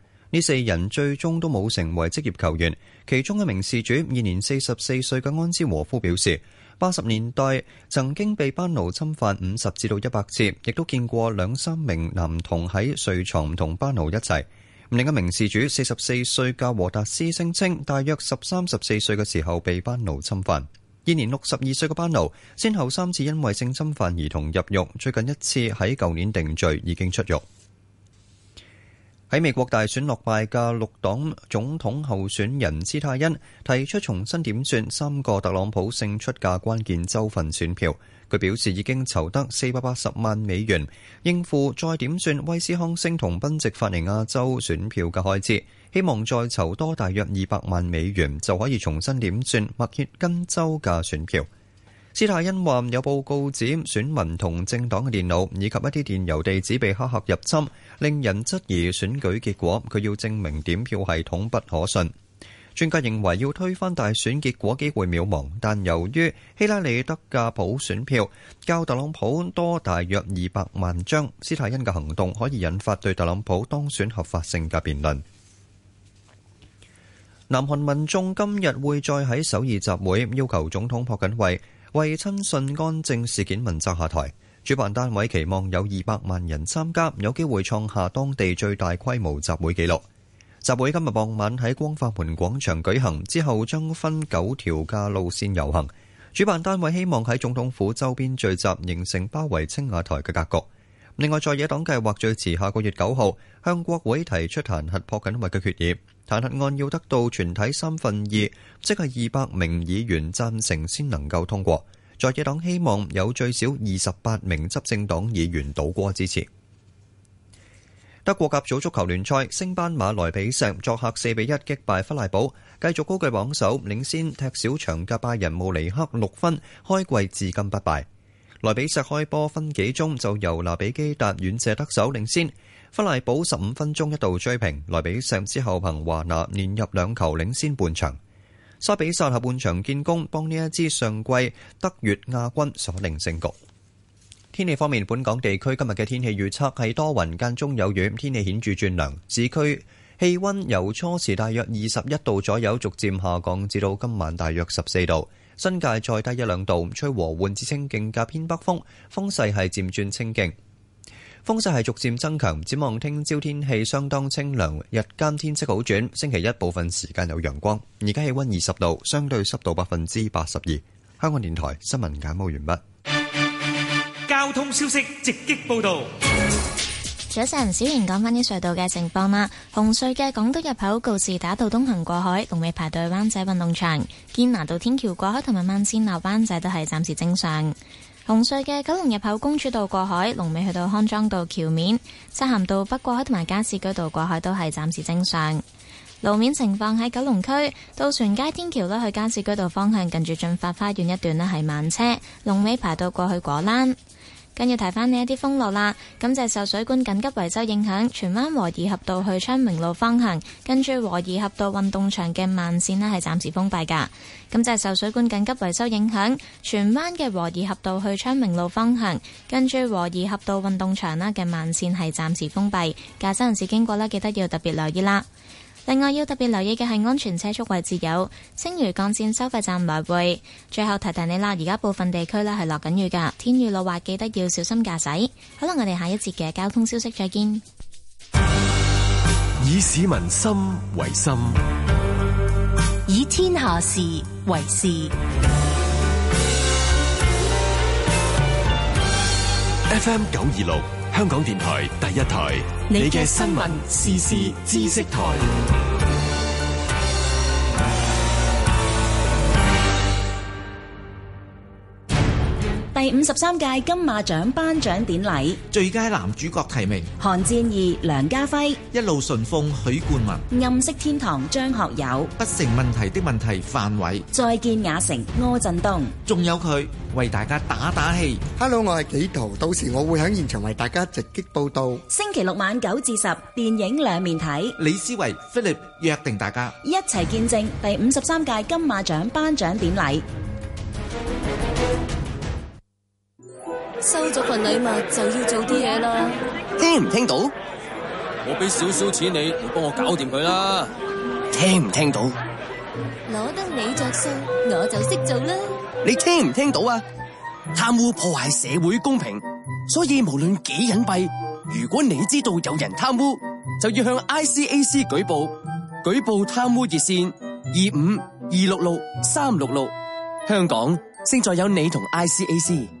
呢四人最終都冇成為職業球員。其中一名事主，現年四十四歲嘅安茲和夫表示，八十年代曾經被班奴侵犯五十至到一百次，亦都見過兩三名男童喺睡床同班奴一齊。另一名事主四十四歲嘅和達斯聲稱，大約十三、十四歲嘅時候被班奴侵犯。現年六十二歲嘅班奴，先後三次因為性侵犯兒童入獄，最近一次喺舊年定罪，已經出獄。喺美國大選落敗嘅綠黨總統候選人施泰恩提出重新點算三個特朗普勝出嘅關鍵州份選票。佢表示已經籌得四百八十萬美元應付再點算威斯康星同賓夕法尼亞州選票嘅開支，希望再籌多大約二百萬美元就可以重新點算密歇根州嘅選票。斯泰恩話：有報告指選民同政黨嘅電腦以及一啲電郵地址被黑客入侵，令人質疑選舉結果。佢要證明點票系統不可信。專家認為要推翻大選結果機會渺茫，但由於希拉里得加普選票，較特朗普多大約二百萬張，斯泰恩嘅行動可以引發對特朗普當選合法性嘅辯論。南韓民眾今日會再喺首爾集會，要求總統朴槿惠為親信干政事件問責下台，主辦單位期望有二百萬人參加，有機會創下當地最大規模集會紀錄。集會今日傍晚喺光化門廣場舉行，之後將分九條嘅路線遊行。主辦單位希望喺總統府周邊聚集，形成包圍青瓦台嘅格局。另外，在野黨計劃最遲下個月九號向國會提出彈劾朴槿惠嘅決議，彈劾案要得到全體三分二。即係二百名議員贊成先能夠通過，在野黨希望有最少二十八名執政黨議員倒戈支持。德國甲組足球聯賽，升班馬萊比錫作客四比一擊敗弗萊堡，繼續高居榜首，領先踢少場嘅拜仁慕尼克六分。開季至今不敗。萊比錫開波分幾鐘就由拿比基達遠射得手領先，弗萊堡十五分鐘一度追平，萊比錫之後憑華納連入兩球領先半場。沙比塞下半場建功，幫呢一支上季德乙亞軍鎖定勝局。天氣方面，本港地區今日嘅天氣預測係多雲間中有雨，天氣顯著轉涼。市區氣温由初時大約二十一度左右，逐漸下降至到今晚大約十四度，新界再低一兩度。吹和緩至清勁嘅偏北風，風勢係漸轉清勁。風勢係逐漸增強，展望聽朝天氣相當清涼，日間天色好轉，星期一部分時間有陽光。而家氣温二十度，相對濕度百分之八十二。香港電台新聞簡報完畢。交通消息直擊報道。早晨，小賢講翻啲隧道嘅情況啦。紅隧嘅港島入口告士打道東行過海龍尾排隊灣仔運動場，堅拿道天橋過海同埋慢線落灣仔都係暫時正常。紅隧嘅九龍入口公主道過海，龍尾去到康莊道橋面；漆咸道北過海同埋加士居道過海都係暫時正常。路面情況喺九龍區渡船街天橋咧，去加士居道方向近住駿發花園一段咧係慢車，龍尾排到過去果欄。跟住提翻呢一啲封路啦。咁就係受水管緊急維修影響，荃灣和宜合道去昌明路方向，跟住和宜合道運動場嘅慢線呢係暫時封閉噶。咁就係受水管緊急維修影響，荃灣嘅和宜合道去昌明路方向，跟住和宜合道運動場啦嘅慢線係暫時封閉。駕駛人士經過呢，記得要特別留意啦。另外要特別留意嘅係安全車速位置，有青嶼幹線收費站來回。最後提提你啦，而家部分地區咧係落緊雨噶，天雨路滑，記得要小心駕駛。好啦，我哋下一節嘅交通消息再見。以市民心為心，以天下事為事。F M 九二六。香港電台第一台，你嘅新聞時事知識台。第五十三屆金馬獎頒獎典禮最佳男主角提名：韓戰二、梁家輝、一路順風、許冠文、暗色天堂、張學友、不成問題的問題范偉、再見瓦城、柯震東，仲有佢為大家打打氣。Hello，我係紀桃，到時我會喺現場為大家直擊報道。星期六晚九至十，電影兩面睇。李思維、Philip 約定大家一齊見證第五十三屆金馬獎頒獎典禮。收咗份禮物就要做啲嘢啦。聽唔聽到？我俾少少錢你，你幫我搞掂佢啦。聽唔聽到？攞得你着數，我就識做啦。你聽唔聽到啊？貪污破壞社會公平，所以無論幾隱蔽，如果你知道有人貪污，就要向 ICAC 舉報。舉報貪污熱線二五二六六三六六，香港正在有你同 ICAC。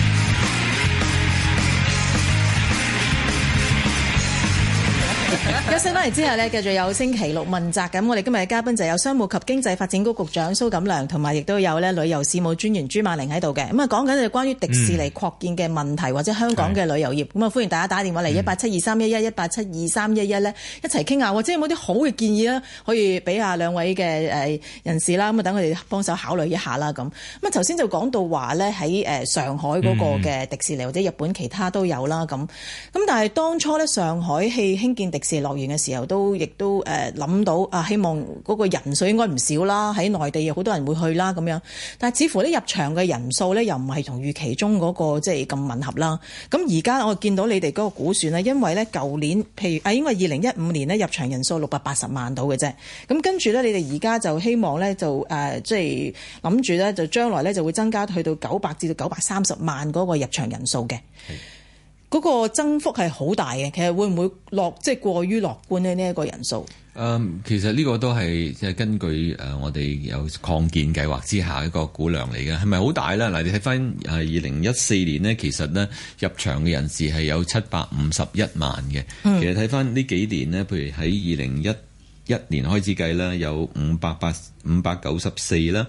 休息翻嚟之後呢，繼續有星期六問責。咁我哋今日嘅嘉賓就有商務及經濟發展局局長蘇錦樑，同埋亦都有咧旅遊事務專員朱曼鈴喺度嘅。咁啊，講緊就關於迪士尼擴建嘅問題，嗯、或者香港嘅旅遊業。咁啊、嗯，歡迎大家打電話嚟一八七二三一一一八七二三一一咧，一齊傾下或者有冇啲好嘅建議咧，可以俾下兩位嘅誒人士啦。咁啊，等佢哋幫手考慮一下啦。咁咁啊，頭先就講到話咧，喺誒上海嗰個嘅迪士尼或者日本其他都有啦。咁咁，但係當初咧，上海去興建迪士尼。落完嘅時候都亦都誒諗到啊，希望嗰個人數應該唔少啦，喺內地又好多人會去啦咁樣。但係似乎咧入場嘅人數咧，又唔係同預期中嗰、那個即係咁吻合啦。咁而家我見到你哋嗰個估算咧，因為咧舊年譬如啊，應該二零一五年咧入場人數六百八十萬到嘅啫。咁跟住咧，你哋而家就希望咧就誒即係諗住咧就將來咧就會增加去到九百至到九百三十萬嗰個入場人數嘅。嗰個增幅係好大嘅，其實會唔會樂即係過於樂觀咧？呢、這、一個人數，誒，其實呢個都係即係根據誒我哋有擴建計劃之下一個估量嚟嘅，係咪好大呢？嗱，你睇翻誒二零一四年呢，其實呢入場嘅人士係有七百五十一萬嘅，的其實睇翻呢幾年呢，譬如喺二零一一年開始計呢，有五百八。五百九十四啦，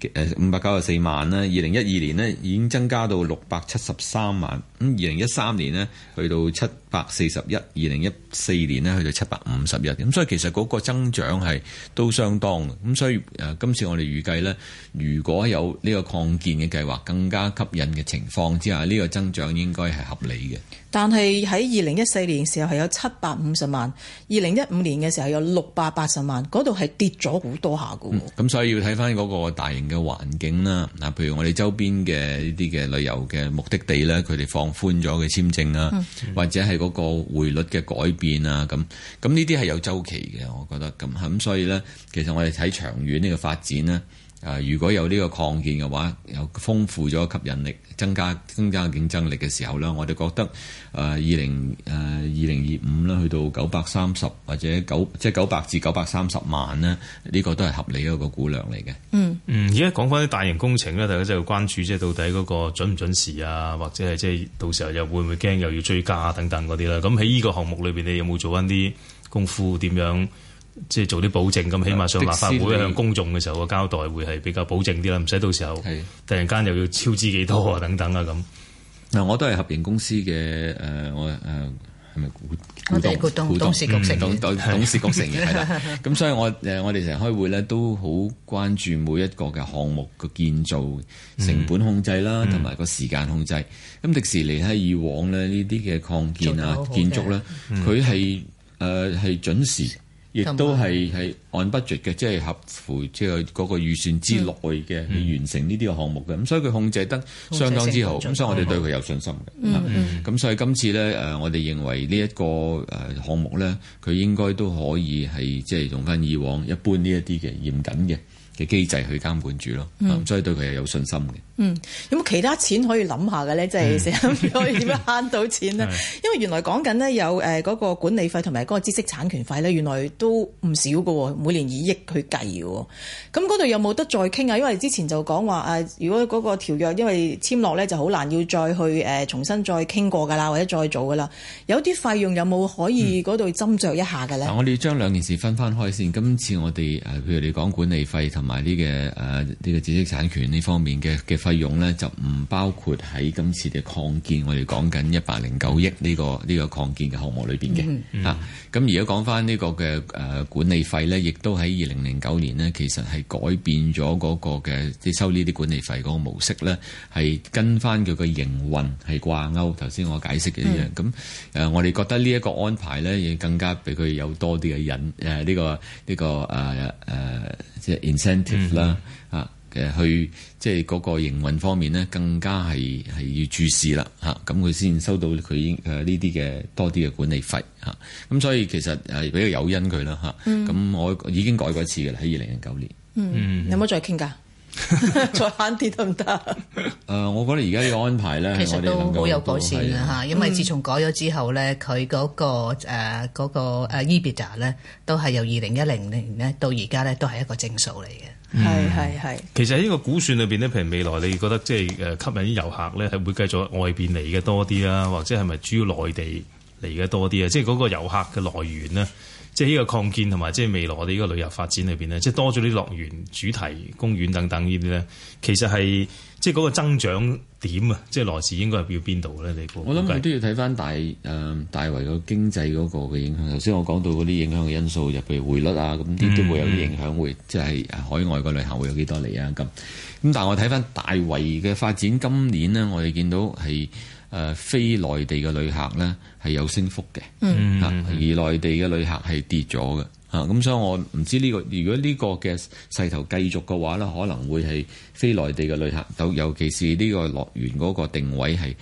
誒五百九十四萬啦，二零一二年呢已經增加到六百七十三萬，咁二零一三年呢，去到七百四十一，二零一四年呢，去到七百五十一。咁所以其實嗰個增長係都相當。咁所以誒今次我哋預計呢，如果有呢個擴建嘅計劃，更加吸引嘅情況之下，呢、呢個增長應該係合理嘅。但係喺二零一四年時候係有七百五十萬，二零一五年嘅時候有六百八十萬，嗰度係跌咗好多下嘅。咁、嗯、所以要睇翻嗰個大型嘅環境啦，嗱，譬如我哋周邊嘅呢啲嘅旅遊嘅目的地咧，佢哋放寬咗嘅簽證啦，或者係嗰個匯率嘅改變啊，咁咁呢啲係有周期嘅，我覺得咁咁，所以呢，其實我哋睇長遠呢個發展咧。誒，如果有呢個擴建嘅話，有豐富咗吸引力、增加、增加競爭力嘅時候咧，我哋覺得誒二零誒二零二五咧，去到九百三十或者九即係九百至九百三十萬咧，呢、呢個都係合理一個估量嚟嘅。嗯嗯，而家講翻啲大型工程咧，大家就要關注即係到底嗰個準唔準時啊，或者係即係到時候又會唔會驚又要追加等等嗰啲啦。咁喺呢個項目裏邊，你有冇做翻啲功夫點樣？即係做啲保證咁，起碼上立法會向公眾嘅時候個交代會係比較保證啲啦，唔使到時候突然間又要超支幾多啊等等啊。咁。嗱，我都係合營公司嘅誒，我誒係咪股董事局成董、嗯嗯嗯、事局成員？咁 所以我誒我哋成日開會咧，都好關注每一個嘅項目個建造成本控制啦，同埋個時間控制。咁迪士尼喺以往咧呢啲嘅擴建啊建築咧，佢係誒係準時。亦都係係 on budget 嘅，即係合乎即係嗰個預算之內嘅、嗯、去完成呢啲嘅項目嘅，咁所以佢控制得相當之好，咁所以我哋對佢有信心嘅。咁、嗯嗯啊、所以今次咧，誒我哋認為呢一個誒項目咧，佢應該都可以係即係用翻以往一般呢一啲嘅嚴謹嘅嘅機制去監管住咯，咁、嗯啊、所以對佢係有信心嘅。嗯，有冇其他錢可以諗下嘅咧？即係想可以點樣慳到錢咧？ 因為原來講緊呢，有誒嗰個管理費同埋嗰個知識產權費咧，原來都唔少嘅，每年二億去計嘅喎。咁嗰度有冇得再傾啊？因為之前就講話誒，如果嗰個條約因為簽落咧，就好難要再去誒重新再傾過㗎啦，或者再做㗎啦。有啲費用有冇可以嗰度斟酌一下嘅咧、嗯嗯？我哋將兩件事分翻開先。今次我哋誒，譬如你講管理費同埋呢個誒呢、呢個知識產權呢方面嘅嘅，費用咧就唔包括喺今次嘅擴建，我哋講緊一百零九億呢、呢個呢、呢個擴建嘅項目裏邊嘅嚇。咁而家講翻呢個嘅誒、呃、管理費咧，亦都喺二零零九年咧，其實係改變咗嗰個嘅即係收呢啲管理費嗰個模式咧，係跟翻佢嘅營運係掛鈎。頭先我解釋嘅一樣咁誒，我哋覺得呢一個安排咧，亦更加俾佢有多啲嘅引誒呢、呃呢個呢、呢個誒誒、呃、即係、啊啊啊就係、incentive 啦。Mm hmm. 誒去即係嗰個營運方面咧，更加係係要注視啦嚇，咁佢先收到佢誒呢啲嘅多啲嘅管理費嚇，咁所以其實誒比較有因佢啦嚇，咁我已經改過一次嘅啦，喺二零零九年。嗯，有冇再傾噶？再慳啲得唔得？誒，我覺得而家呢個安排咧，其實都好有改善啦嚇，因為自從改咗之後咧，佢嗰個誒嗰個誒 EBITDA 咧，都係由二零一零年咧到而家咧，都係一個正數嚟嘅。係係係。Mm. 其實喺呢個估算裏邊咧，譬如未來你覺得即係誒吸引啲遊客咧，係會繼續外邊嚟嘅多啲啦，或者係咪主要內地嚟嘅多啲啊？即係嗰個遊客嘅來源咧。即係呢個擴建同埋即係未來我哋呢個旅遊發展裏邊咧，即係多咗啲樂園、主題公園等等呢啲咧，其實係即係嗰個增長點啊！即係來自應該係要邊度咧？你估？我諗都要睇翻大誒大圍個經濟嗰個嘅影響。頭先我講到嗰啲影響嘅因素，入譬如匯率啊咁，啲都會有啲影響，會、嗯、即係海外個旅行會有幾多嚟啊咁。咁但係我睇翻大圍嘅發展，今年呢，我哋見到係。誒非內地嘅旅客呢係有升幅嘅。嗯、而內地嘅旅客係跌咗嘅，嚇咁、嗯、所以我唔知呢、呢個如果呢個嘅勢頭繼續嘅話呢，可能會係非內地嘅旅客，尤尤其是呢個樂園嗰個定位係。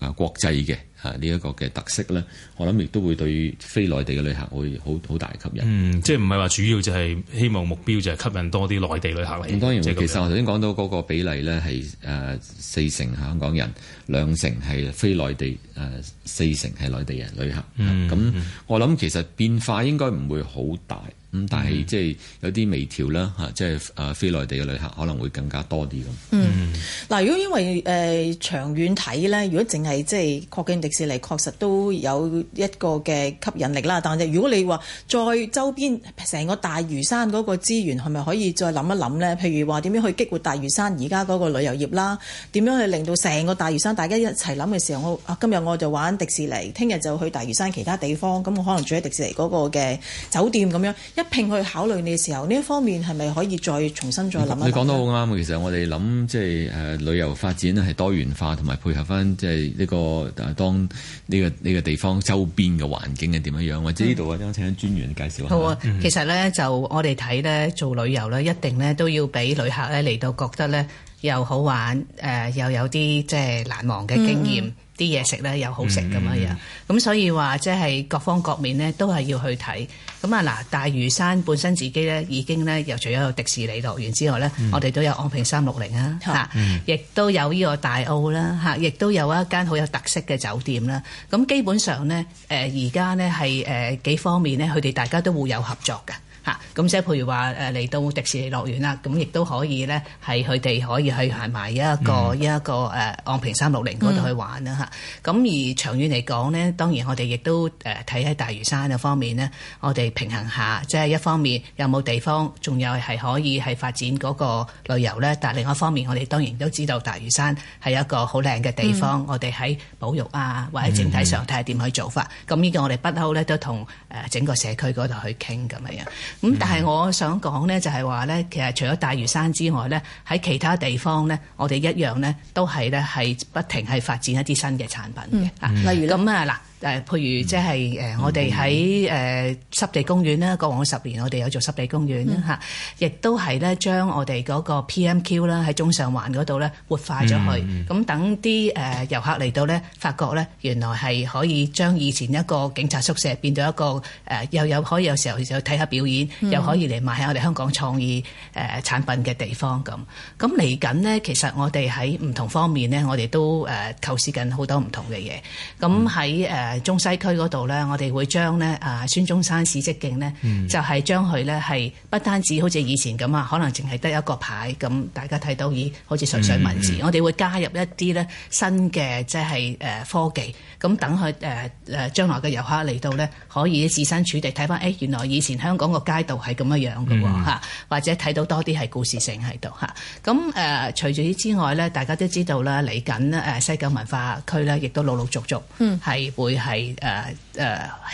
啊！國際嘅啊，呢一個嘅特色咧，我諗亦都會對非內地嘅旅客會好好大吸引。嗯，即係唔係話主要就係希望目標就係吸引多啲內地旅客嚟。咁、嗯、當然，其實我頭先講到嗰個比例咧係誒四成香港人，兩成係非內地誒，呃、四成係內地人旅客。嗯，咁、嗯、我諗其實變化應該唔會好大。咁但係、嗯、即係有啲微調啦嚇，即係啊非內地嘅旅客可能會更加多啲咁。嗯，嗱、嗯、如果因為誒、呃、長遠睇咧，如果淨係即係擴建迪士尼，確實都有一個嘅吸引力啦。但係如果你話再周邊成個大嶼山嗰個資源係咪可以再諗一諗咧？譬如話點樣去激活大嶼山而家嗰個旅遊業啦？點樣去令到成個大嶼山大家一齊諗嘅時候，我啊今日我就玩迪士尼，聽日就去大嶼山其他地方。咁我可能住喺迪士尼嗰個嘅酒店咁樣。一併去考慮你嘅時候，呢一方面係咪可以再重新再諗一想、嗯？你講得好啱，其實我哋諗即係誒旅遊發展係多元化，同埋配合返即係呢個誒、啊、當呢、這個呢、這個地方周邊嘅環境係點樣樣，或者呢度啊，我請啲專員介紹下。好啊，其實咧就我哋睇咧做旅遊咧，一定咧都要俾旅客咧嚟到覺得咧。又好玩，誒、呃、又有啲即係難忘嘅經驗，啲嘢、mm hmm. 食咧又好食咁樣，咁、mm hmm. 嗯、所以話即係各方各面咧都係要去睇。咁啊嗱、啊，大嶼山本身自己咧已經咧，又除咗有迪士尼樂園之外咧，mm hmm. 我哋都有昂坪三六零啊，嚇、mm，亦、hmm. 都有呢個大澳啦，嚇、啊，亦都有一間好有特色嘅酒店啦。咁、啊啊、基本上咧，誒而家咧係誒幾方面咧，佢哋大家都會有合作嘅。嚇，咁即係譬如話誒嚟到迪士尼樂園啦，咁亦都可以咧，係佢哋可以去行埋一個一個誒昂坪三六零嗰度去玩啦嚇。咁，嗯，而長遠嚟講咧，當然我哋亦都誒睇喺大嶼山嘅方面咧，我哋平衡下，即係，就是，一方面有冇地方，仲有係可以係發展嗰個旅遊咧。但另一方面，我哋當然都知道大嶼山係一個好靚嘅地方，嗯，我哋喺保育啊，或者整體上睇下點去做法。咁呢個我哋不嬲咧都同誒整個社區嗰度去傾咁樣。咁、嗯、但係我想講咧，就係話咧，其實除咗大嶼山之外咧，喺其他地方咧，我哋一樣咧，都係咧係不停係發展一啲新嘅產品嘅、嗯嗯、啊，例如咁啊嗱。誒，譬如即係誒我哋喺誒濕地公園啦，過往十年我哋有做濕地公園，吓亦都係咧將我哋嗰、嗯、個 PMQ 啦喺中上環嗰度咧活化咗去，咁、嗯嗯、等啲誒遊客嚟到咧，發覺咧原來係可以將以前一個警察宿舍變到一個誒又有可以有時候去睇下表演，嗯、又可以嚟買下我哋香港創意誒產品嘅地方咁。咁嚟緊咧，其實我哋喺唔同方面咧，我哋都誒構思緊好多唔同嘅嘢。咁喺誒。嗯誒中西區嗰度咧，我哋會將咧啊孫中山史蹟徑咧，就係將佢咧係不單止好似以前咁啊，可能淨係得一個牌咁，大家睇到咦好似純粹文字，我哋會加入一啲咧新嘅即係誒科技，咁等佢誒誒將來嘅遊客嚟到咧，可以置身處地睇翻誒原來以前香港個街道係咁樣樣嘅喎嚇，或者睇到多啲係故事性喺度嚇。咁誒除咗之外咧，大家都知道啦，嚟緊誒西九文化區咧，亦都陸陸續續係會。係誒。誒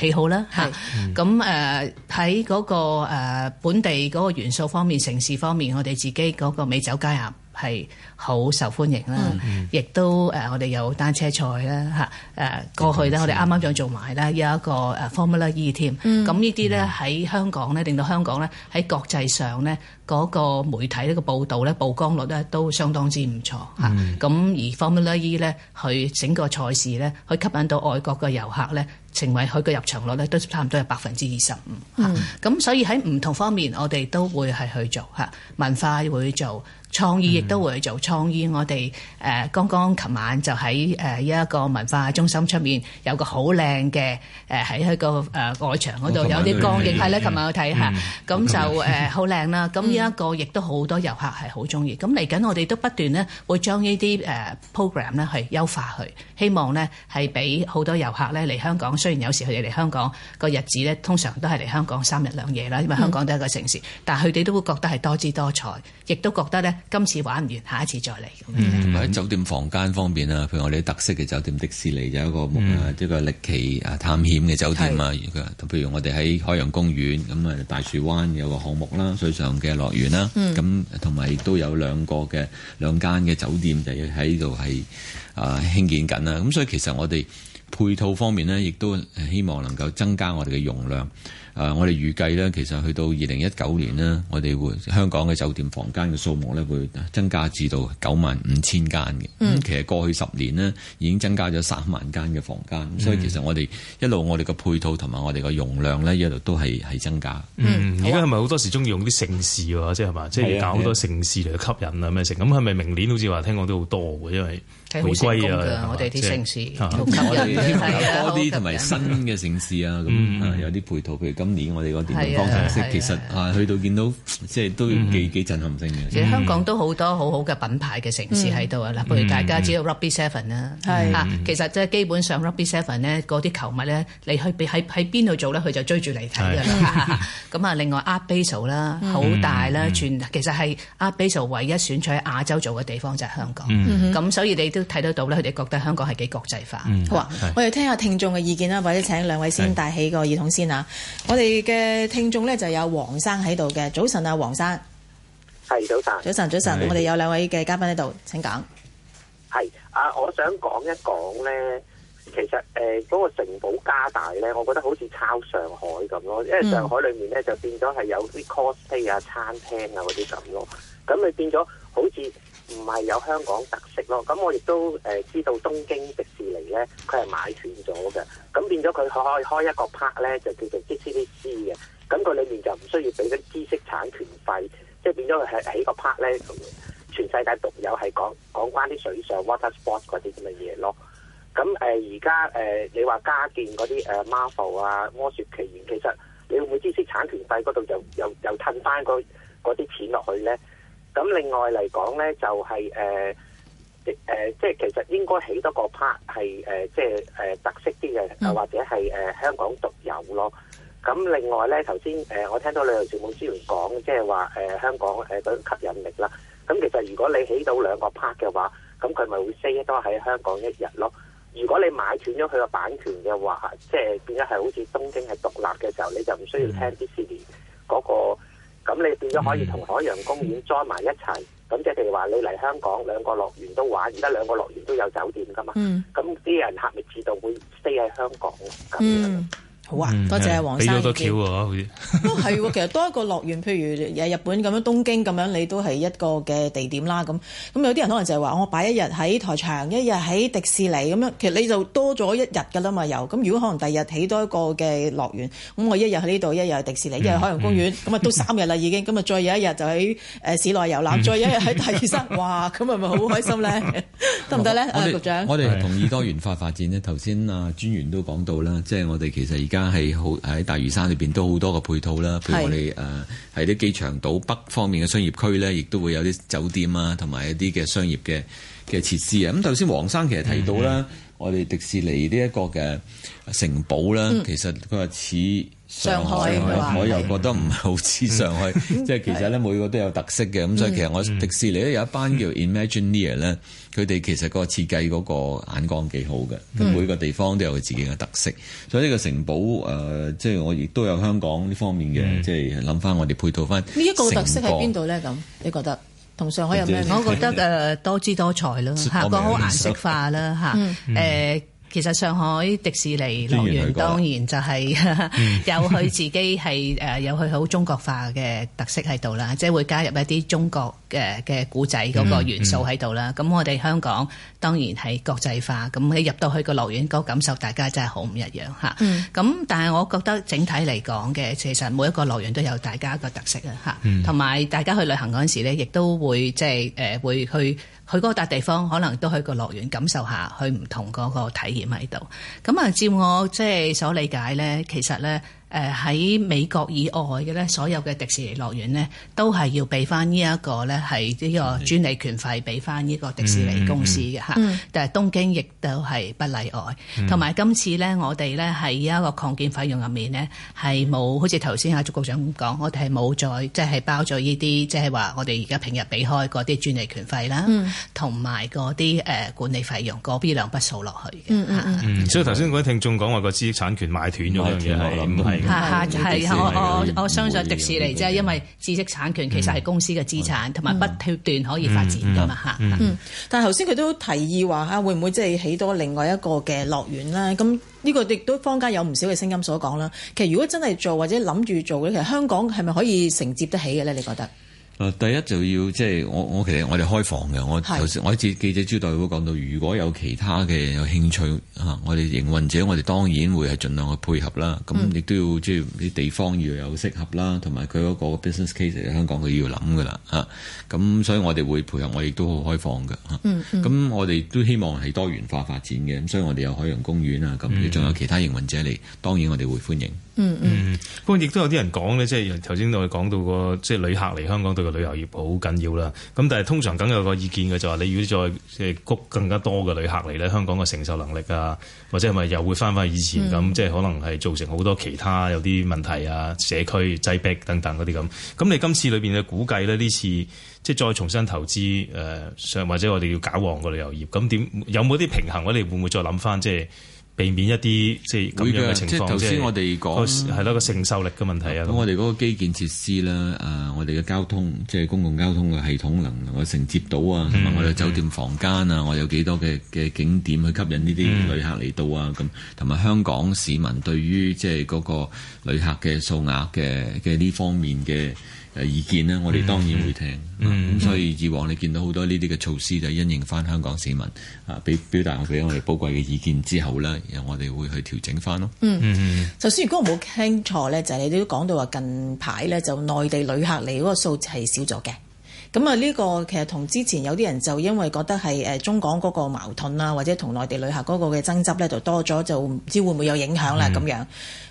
喜、啊、好啦嚇，咁誒喺嗰個、啊、本地嗰個元素方面、城市方面，我哋自己嗰個美酒佳餚係好受歡迎啦，亦都誒、啊、我哋有單車賽啦嚇，誒、啊、過去咧我哋啱啱仲做埋咧有一個誒 Formula E 添、e，嗯，咁呢啲咧喺香港咧令到香港咧喺國際上咧嗰、那個媒體呢個報導咧曝光率咧都相當之唔錯嚇，咁、啊嗯、而 Formula E 咧去整個賽事咧可以吸引到外國嘅遊客咧。成為佢嘅入場率咧，都差唔多係百分之二十五吓。咁、嗯、所以喺唔同方面，我哋都會係去做吓文化會做。創意亦都會做創意，我哋誒剛剛琴晚就喺誒依一個文化中心出面有個好靚嘅誒喺一個誒、呃、外牆嗰度有啲光景。睇咧琴晚我睇下，咁、嗯、就誒好靚啦。咁呢、嗯、一個亦都好多遊客係好中意。咁嚟緊我哋都不斷咧會將呢啲誒 program 咧去優化佢，希望咧係俾好多遊客咧嚟香港。雖然有時佢哋嚟香港個日子咧通常都係嚟香港三日兩夜啦，因為香港都係一個城市，嗯、但係佢哋都會覺得係多姿多彩。亦都覺得咧，今次玩唔完，下一次再嚟。同埋喺酒店房間方面啊，譬如我哋特色嘅酒店，迪士尼有一個誒，呢、嗯、個歷奇啊探險嘅酒店啊，嗯、譬如我哋喺海洋公園咁啊，大樹灣有個項目啦，水上嘅樂園啦，咁同埋都有兩個嘅兩間嘅酒店就喺度係啊興建緊啦。咁所以其實我哋。配套方面呢，亦都希望能夠增加我哋嘅容量。啊、呃，我哋預計呢，其實去到二零一九年呢，我哋會香港嘅酒店房間嘅數目呢，會增加至到九萬五千間嘅。咁、嗯、其實過去十年呢，已經增加咗三萬間嘅房間，所以其實我哋、嗯、一路我哋嘅配套同埋我哋嘅容量呢，一路都係係增加。嗯，而家係咪好多時鍾意用啲盛事喎？即係嘛，即、就、係、是、搞好多盛事嚟吸引啊咩成？咁係咪明年好似話聽講都好多嘅？因為睇好貴啊！我哋啲城市，多啲同埋新嘅城市啊，咁啊有啲配套。譬如今年我哋個電動方程式，其實啊去到見到，即係都幾幾震撼性嘅。其實香港都好多好好嘅品牌嘅城市喺度啊，嗱，譬如大家知道 Rugby Seven 啦，嚇，其實即係基本上 Rugby Seven 咧，嗰啲球迷咧，你去邊喺喺邊度做咧，佢就追住嚟睇嘅啦。咁啊，另外 Art Basel 啦，好大啦，全其實係 Art Basel 唯一選取喺亞洲做嘅地方就係香港。咁所以你。都睇得到咧，佢哋覺得香港係幾國際化。好啊，我哋聽下聽眾嘅意見啦，或者請兩位先帶起個耳筒先啊。是我哋嘅聽眾咧就有黃生喺度嘅，早晨啊，黃生，係早晨，早晨，早晨。是我哋有兩位嘅嘉賓喺度，請講。係啊，我想講一講咧，其實誒嗰個城堡加大咧，我覺得好似抄上海咁咯，因為上海裡面咧就變咗係有啲 c o s 咖啡啊、餐廳啊嗰啲咁咯，咁你變咗好似。唔係有香港特色咯，咁我亦都誒、呃、知道東京迪士尼咧，佢係買斷咗嘅，咁變咗佢可以開一個 park 咧，就叫做迪士尼 Sea 嘅，咁佢裡面就唔需要俾啲知識產權費，即係變咗佢喺起個 park 咧，同全世界獨有係講講翻啲水上 water sports 嗰啲咁嘅嘢咯，咁誒而家誒你話加建嗰啲誒 Marvel 啊，魔雪奇緣，其實你會唔會知識產權費嗰度又又又吞翻嗰啲錢落去咧？咁另外嚟講咧，就係誒誒，即係其實應該起多個 park 係誒，即係誒、呃、特色啲嘅，或者係誒、呃、香港獨有咯。咁另外咧，頭先誒我聽到旅遊招募資源講，即係話誒香港誒嗰種吸引力啦。咁、嗯嗯、其實如果你起到兩個 park 嘅話，咁佢咪會 stay 多喺香港一日咯。如果你買斷咗佢個版權嘅話，即係變咗係好似東京係獨立嘅時候，你就唔需要聽迪士尼嗰個。嗯，那個咁你變咗可以同海洋公園 join 埋一齊，咁即係譬如話你嚟香港兩個樂園都玩，而家兩個樂園都有酒店噶嘛，咁啲人客咪知道會 stay 喺香港。 嗯 好啊，多謝黃生。俾多巧喎，好似都係喎。其實多一個樂園，譬如日本咁樣、東京咁樣，你都係一個嘅地點啦。咁咁有啲人可能就係話，我擺一日喺台場，一日喺迪士尼咁樣，其實你就多咗一日㗎啦嘛遊。咁如果可能第二日起多一個嘅樂園，咁我一日喺呢度，一日喺迪士尼，一日海洋公園，咁啊都三日啦已經。咁啊再有一日就喺誒市內遊覽，再一日喺大嶼山，哇！咁係咪好開心咧，得唔得咧？局長，我哋同意多元化發展呢。頭先啊專員都講到啦，即係我哋其實而家係好喺大嶼山裏邊都好多嘅配套啦，譬如我哋誒喺啲機場島北方面嘅商業區咧，亦都會有啲酒店啊，同埋一啲嘅商業嘅嘅設施啊。咁頭先黃生其實提到啦。我哋迪士尼呢一個嘅城堡咧，其實佢話似上海，我又、嗯、覺得唔係好似上海，即係、嗯、其實咧每個都有特色嘅。咁、嗯、所以其實我迪士尼咧有一班叫 Imagineer 咧、嗯，佢哋其實個設計嗰個眼光幾好嘅，每個地方都有佢自己嘅特色。所以呢個城堡誒，即、呃、係、就是、我亦都有香港呢方面嘅，即係諗翻我哋配套翻呢一個特色喺邊度咧？咁你覺得？同上海有咩？我覺得誒、呃、多姿多彩咯，講好顏色化啦嚇。誒、嗯嗯呃，其實上海迪士尼樂園當然就係有佢自己係誒有佢好中國化嘅特色喺度啦，即係會加入一啲中國嘅嘅古仔嗰個元素喺度啦，咁、嗯嗯、我哋香港當然係國際化，咁你入到去個樂園嗰、嗰個、感受，大家真係好唔一樣嚇。咁、嗯、但係我覺得整體嚟講嘅，其實每一個樂園都有大家一個特色啊嚇，同埋、嗯、大家去旅行嗰陣時呢，亦都會即係誒會去去嗰笪地方，可能都去個樂園感受下，去唔同嗰個體驗喺度。咁啊，照我即係所理解呢，其實呢。誒喺美國以外嘅咧，所有嘅迪士尼樂園咧，都係要俾翻呢一個咧，係呢個專利權費俾翻呢個迪士尼公司嘅嚇。但係東京亦都係不例外。同埋今次咧，我哋咧喺一個擴建費用入面咧，係冇好似頭先阿朱局長咁講，我哋係冇再即係包咗呢啲，即係話我哋而家平日俾開嗰啲專利權費啦，同埋嗰啲誒管理費用嗰邊兩筆數落去嘅。所以頭先嗰啲聽眾講話個知識產權買斷咗嘅，我諗係。嚇，係我我我相信迪士尼即係，因為知識產權其實係公司嘅資產，同埋、嗯、不斷可以發展噶嘛嚇。但係頭先佢都提議話嚇，會唔會即係起多另外一個嘅樂園咧？咁、這、呢個亦都坊間有唔少嘅聲音所講啦。其實如果真係做或者諗住做嘅，其實香港係咪可以承接得起嘅咧？你覺得？誒第一就要即係我我其實我哋開放嘅，是我頭先我喺次記者招待會講到，如果有其他嘅有興趣嚇，我哋營運者我哋當然會係盡量去配合啦。咁亦都要即係啲地方要有適合啦，同埋佢嗰個 business case 喺香港佢要諗噶啦嚇。咁所以我哋會配合，我亦都好開放嘅嚇。咁、嗯嗯、我哋都希望係多元化發展嘅，咁所以我哋有海洋公園啊，咁仲、嗯、有其他營運者嚟，當然我哋會歡迎。嗯嗯，不、嗯、過亦都有啲人講咧，即係頭先我哋講到個即係旅客嚟香港對個旅遊業好緊要啦。咁但係通常梗有個意見嘅就話、是，你如果再即係谷更加多嘅旅客嚟咧，香港嘅承受能力啊，或者係咪又會翻返去以前咁，即係、嗯、可能係造成好多其他有啲問題啊、社區擠逼等等嗰啲咁。咁你今次裏邊嘅估計咧，呢次即係再重新投資誒，上、呃、或者我哋要搞旺個旅遊業，咁點有冇啲平衡？我哋會唔會再諗翻即係避免一啲即係咁樣嘅情況，即係頭先我哋講係咯個承受力嘅問題啊。咁我哋嗰個基建設施咧，誒、啊、我哋嘅交通即係、就是、公共交通嘅系統能唔能夠承接到啊？同埋、嗯、我哋酒店房間啊，嗯、我有幾多嘅嘅景點去吸引呢啲旅客嚟到啊？咁同埋香港市民對於即係嗰個旅客嘅數額嘅嘅呢方面嘅。誒意見咧，我哋當然會聽，咁所以以往你見到好多呢啲嘅措施就因應翻香港市民啊，俾表達我哋寶貴嘅意見之後咧，然後我哋會去調整翻咯。嗯嗯，首先、嗯、如果我冇聽錯咧，就係、是、你都講到話近排咧就內地旅客嚟嗰個數字係少咗嘅。咁啊，呢個其實同之前有啲人就因為覺得係誒中港嗰個矛盾啊，或者同內地旅客嗰個嘅爭執咧，就多咗就唔知會唔會有影響啦咁樣。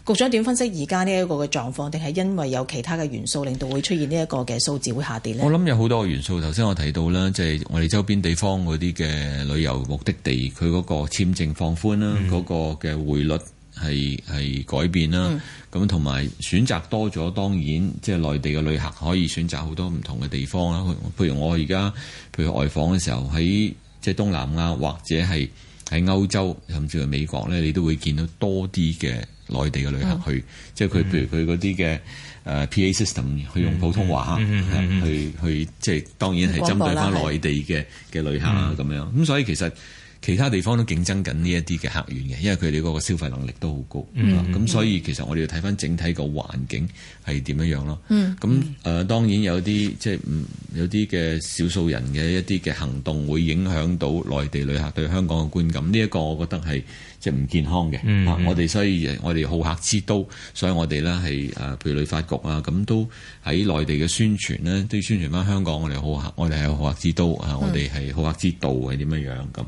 局長點分析而家呢一個嘅狀況定係因為有其他嘅元素令到會出現呢一個嘅數字會下跌咧？我諗有好多個元素。頭先我提到啦，即係我哋周邊地方嗰啲嘅旅遊目的地，佢嗰個簽證放寬啦，嗯，嗰個嘅匯率。係係改變啦，咁同埋選擇多咗，當然即係內地嘅旅客可以選擇好多唔同嘅地方啦。譬如我而家，譬如外訪嘅時候，喺即係東南亞或者係喺歐洲甚至係美國咧，你都會見到多啲嘅內地嘅旅客去，即係佢譬如佢嗰啲嘅誒 PA system 去用普通話去去，即係當然係針對返內地嘅嘅旅客啊咁樣。咁所以其實。其他地方都競爭緊呢一啲嘅客源嘅，因為佢哋嗰個消費能力都好高，咁、嗯啊、所以其實我哋要睇返整體個環境係點樣樣咯。咁誒、嗯啊、當然有啲即係嗯有啲嘅少數人嘅一啲嘅行動會影響到內地旅客對香港嘅觀感，呢、這、一個我覺得係。即係唔健康嘅、mm hmm. 啊，我哋所以我哋好客之都，所以我哋咧係誒譬如旅發局啊，咁都喺內地嘅宣傳咧，都要宣傳翻香港，我哋好客，我哋係好客之都，嚇、mm hmm. 啊、我哋係好客之道係點樣樣咁，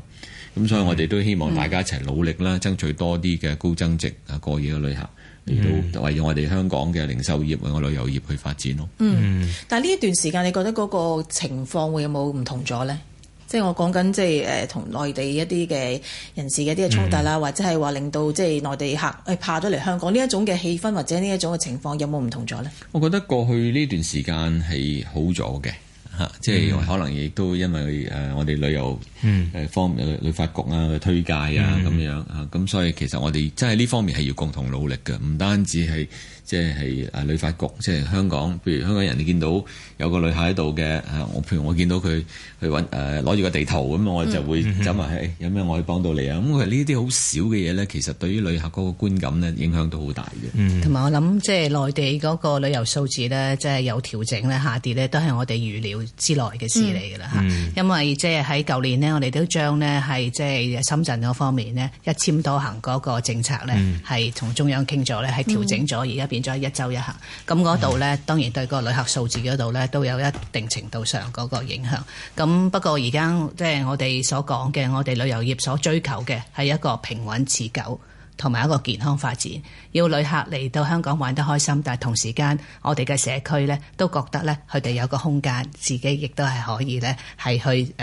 咁、啊、所以我哋都希望大家一齊努力啦，mm hmm. 爭取多啲嘅高增值啊過夜嘅旅客，嚟到為住、mm hmm. 我哋香港嘅零售業或者旅遊業去發展咯。嗯，但係呢一段時間，你覺得嗰個情況會有冇唔同咗咧？即係我講緊，即係誒同內地一啲嘅人士嘅一啲嘅衝突啦，嗯、或者係話令到即係內地客誒怕咗嚟香港呢一種嘅氣氛，或者呢一種嘅情況，有冇唔同咗咧？我覺得過去呢段時間係好咗嘅嚇，即係可能亦都因為誒我哋旅遊誒方面旅發、嗯啊、局啊嘅推介啊咁樣嚇，咁、啊啊、所以其實我哋即係呢方面係要共同努力嘅，唔單止係。即係係啊，旅發局即係香港，譬如香港人你見到有個旅客喺度嘅，啊，我譬如我見到佢去揾攞住個地圖咁，我就會走埋去，嗯哎、有咩我可以幫到你啊？咁其實呢啲好少嘅嘢咧，其實對於旅客嗰個觀感咧，影響都好大嘅。同埋、嗯、我諗，即、就、係、是、內地嗰個旅遊數字咧，即、就、係、是、有調整咧、下跌咧，都係我哋預料之內嘅事嚟㗎啦。嗯、因為即係喺舊年呢，我哋都將呢，係即係深圳嗰方面呢，一簽多行嗰個政策咧，係同、嗯、中央傾咗咧，係調整咗而一在一周一行咁嗰度呢，那那當然對個旅客數字嗰度呢，都有一定程度上嗰個影響。咁不過而家即係我哋所講嘅，我哋旅遊業所追求嘅係一個平穩持久同埋一個健康發展。要旅客嚟到香港玩得開心，但係同時間我哋嘅社區呢，都覺得呢，佢哋有個空間，自己亦都係可以呢，係去誒誒。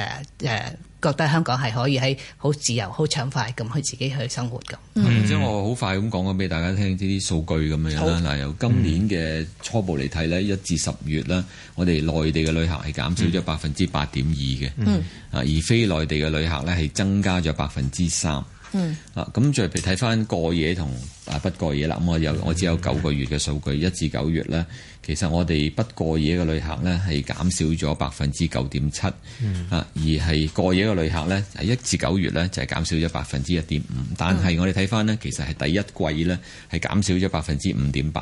呃覺得香港係可以喺好自由、好暢快咁去自己去生活咁。咁即係我好快咁講咗俾大家聽呢啲數據咁樣啦。嗱超，嗯、由今年嘅初步嚟睇咧，一至十月咧，我哋內地嘅旅客係減少咗百分之八點二嘅。嗯。啊，而非內地嘅旅客咧係增加咗百分之三。嗯啊，咁就譬如睇翻過夜同啊不過夜啦，咁我有我只有九個月嘅數據，一至九月呢，其實我哋不過夜嘅旅客呢係減少咗百分之九點七，啊而係過夜嘅旅客呢，係一至九月呢就係減少咗百分之一點五，但係我哋睇翻呢，其實係第一季呢係減少咗百分之五點八，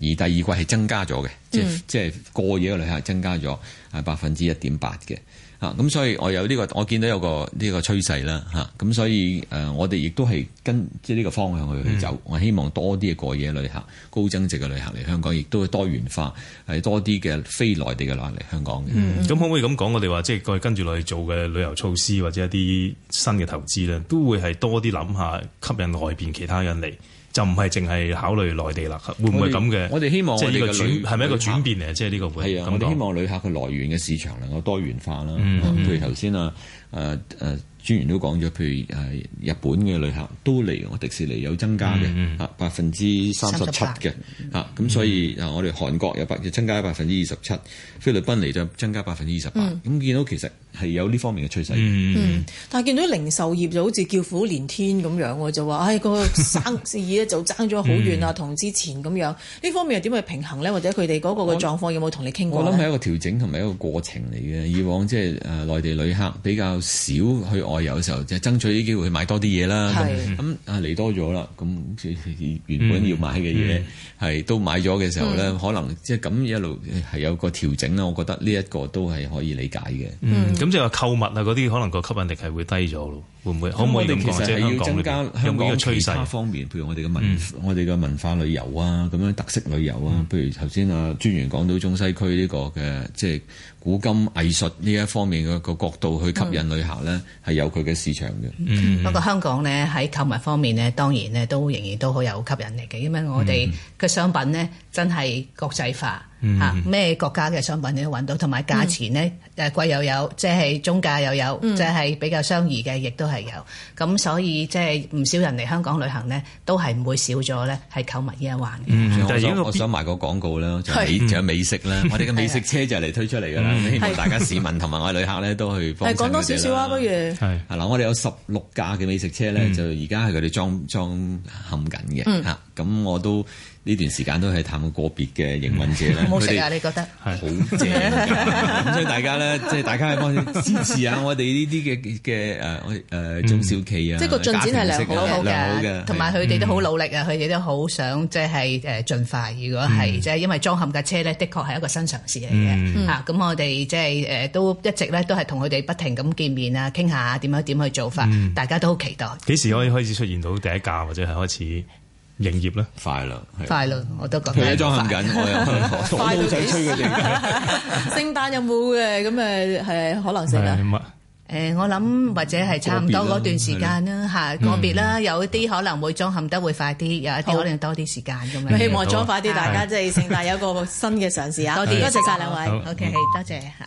而第二季係增加咗嘅，嗯、即即係過夜嘅旅客增加咗係百分之一點八嘅。啊，咁所以我有呢、呢個，我見到有個呢個趨勢啦，嚇！咁所以誒，我哋亦都係跟即係呢個方向去走。我希望多啲嘅過夜旅行、高增值嘅旅行嚟香港，亦都會多元化，係多啲嘅非內地嘅旅行嚟香港嘅。咁、嗯、可唔可以咁講？我哋話即係佢跟住落去做嘅旅遊措施，或者一啲新嘅投資咧，都會係多啲諗下吸引外邊其他人嚟。就唔係淨係考慮內地啦，會唔會咁嘅？我哋希望即係呢個轉係咪一個轉變咧？即係呢個會、啊、我哋希望旅客嘅來源嘅市場能夠多元化啦，譬、嗯嗯、如頭先啊，呃呃專員都講咗，譬如誒日本嘅旅客都嚟我迪士尼有增加嘅，啊百分之三十七嘅，啊、hmm. 咁、mm hmm. 所以啊我哋韓國有增加百分之二十七，mm hmm. 菲律賓嚟就增加百分之二十八，咁見到其實係有呢方面嘅趨勢。但係見到零售業就好似叫苦連天咁樣喎，就話唉，哎個生意咧就爭咗好遠啊，同 之前咁樣呢方面又點去平衡咧？或者佢哋嗰個嘅狀況有冇同你傾過？我諗係一個調整同埋一個過程嚟嘅，以往即係誒內地旅客比較少去。我有時候即係爭取啲機會去買多啲嘢啦，咁咁的啊嚟多咗啦，咁原本要買嘅嘢係都買咗嘅時候咧，嗯、可能即係咁一路係有個調整啦。我覺得呢一個都係可以理解嘅。嗯，咁即係話購物啊嗰啲，可能個吸引力係會低咗咯。會唔會？咁我哋其實係要增加香港嘅趨勢方面，譬如我哋嘅文我哋嘅文化旅遊啊，咁、嗯、樣特色旅遊啊，譬、嗯、如頭先啊專員講到中西區呢、這個嘅即係古今藝術呢一方面嘅個角度去吸引旅客咧，係、嗯、有佢嘅市場嘅。不過香港咧，喺購物方面咧，當然咧都仍然都好有吸引力嘅，因為我哋嘅商品咧真係國際化。吓咩國家嘅商品你都揾到，同埋價錢呢，誒、嗯、貴又有，有，即、就、係、是、中價又有，有，即係、嗯、比較相宜嘅，亦都係有。咁所以即係唔少人嚟香港旅行呢，都係唔會少咗咧，係購物呢一環嘅。我想賣個廣告啦，美仲有，是有美食啦。嗯、我哋嘅美食車就嚟推出嚟噶啦，啊、希望大家市民同埋我哋旅客咧都去幫襯佢哋講、嗯、多少少啊，不如係。嗱，我哋有十六架嘅美食車咧，就而家係佢哋裝裝嵌緊嘅嚇，咁我都。嗯呢段時間都係探個別嘅營運者啦，冇錯啊！你覺得好正，咁所以大家咧，即係大家係幫支持下我哋呢啲嘅嘅誒，我中小企啊，即係個進展係良好嘅，同埋佢哋都好努力啊，佢哋都好想即係誒進化。如果係即係因為裝嵌架車咧，的確係一個新嘗試嚟嘅嚇。咁我哋即係誒都一直咧都係同佢哋不停咁見面啊，傾下點樣點去做法，大家都好期待。幾時可以開始出現到第一架或者係開始？營業咧快啦，快啦，我都覺得。佢裝冚緊，我又快到死。 聖誕有冇嘅咁誒係可能性？啦、欸。誒、欸、我諗或者係差唔多嗰段時間啦嚇，個別啦，有啲可能會裝冚得會快啲，有一啲可能多啲時間咁樣、哦嗯。希望裝快啲，大家、哦、即係聖誕有個新嘅嘗試啊！多謝晒的兩位，OK，多謝嚇。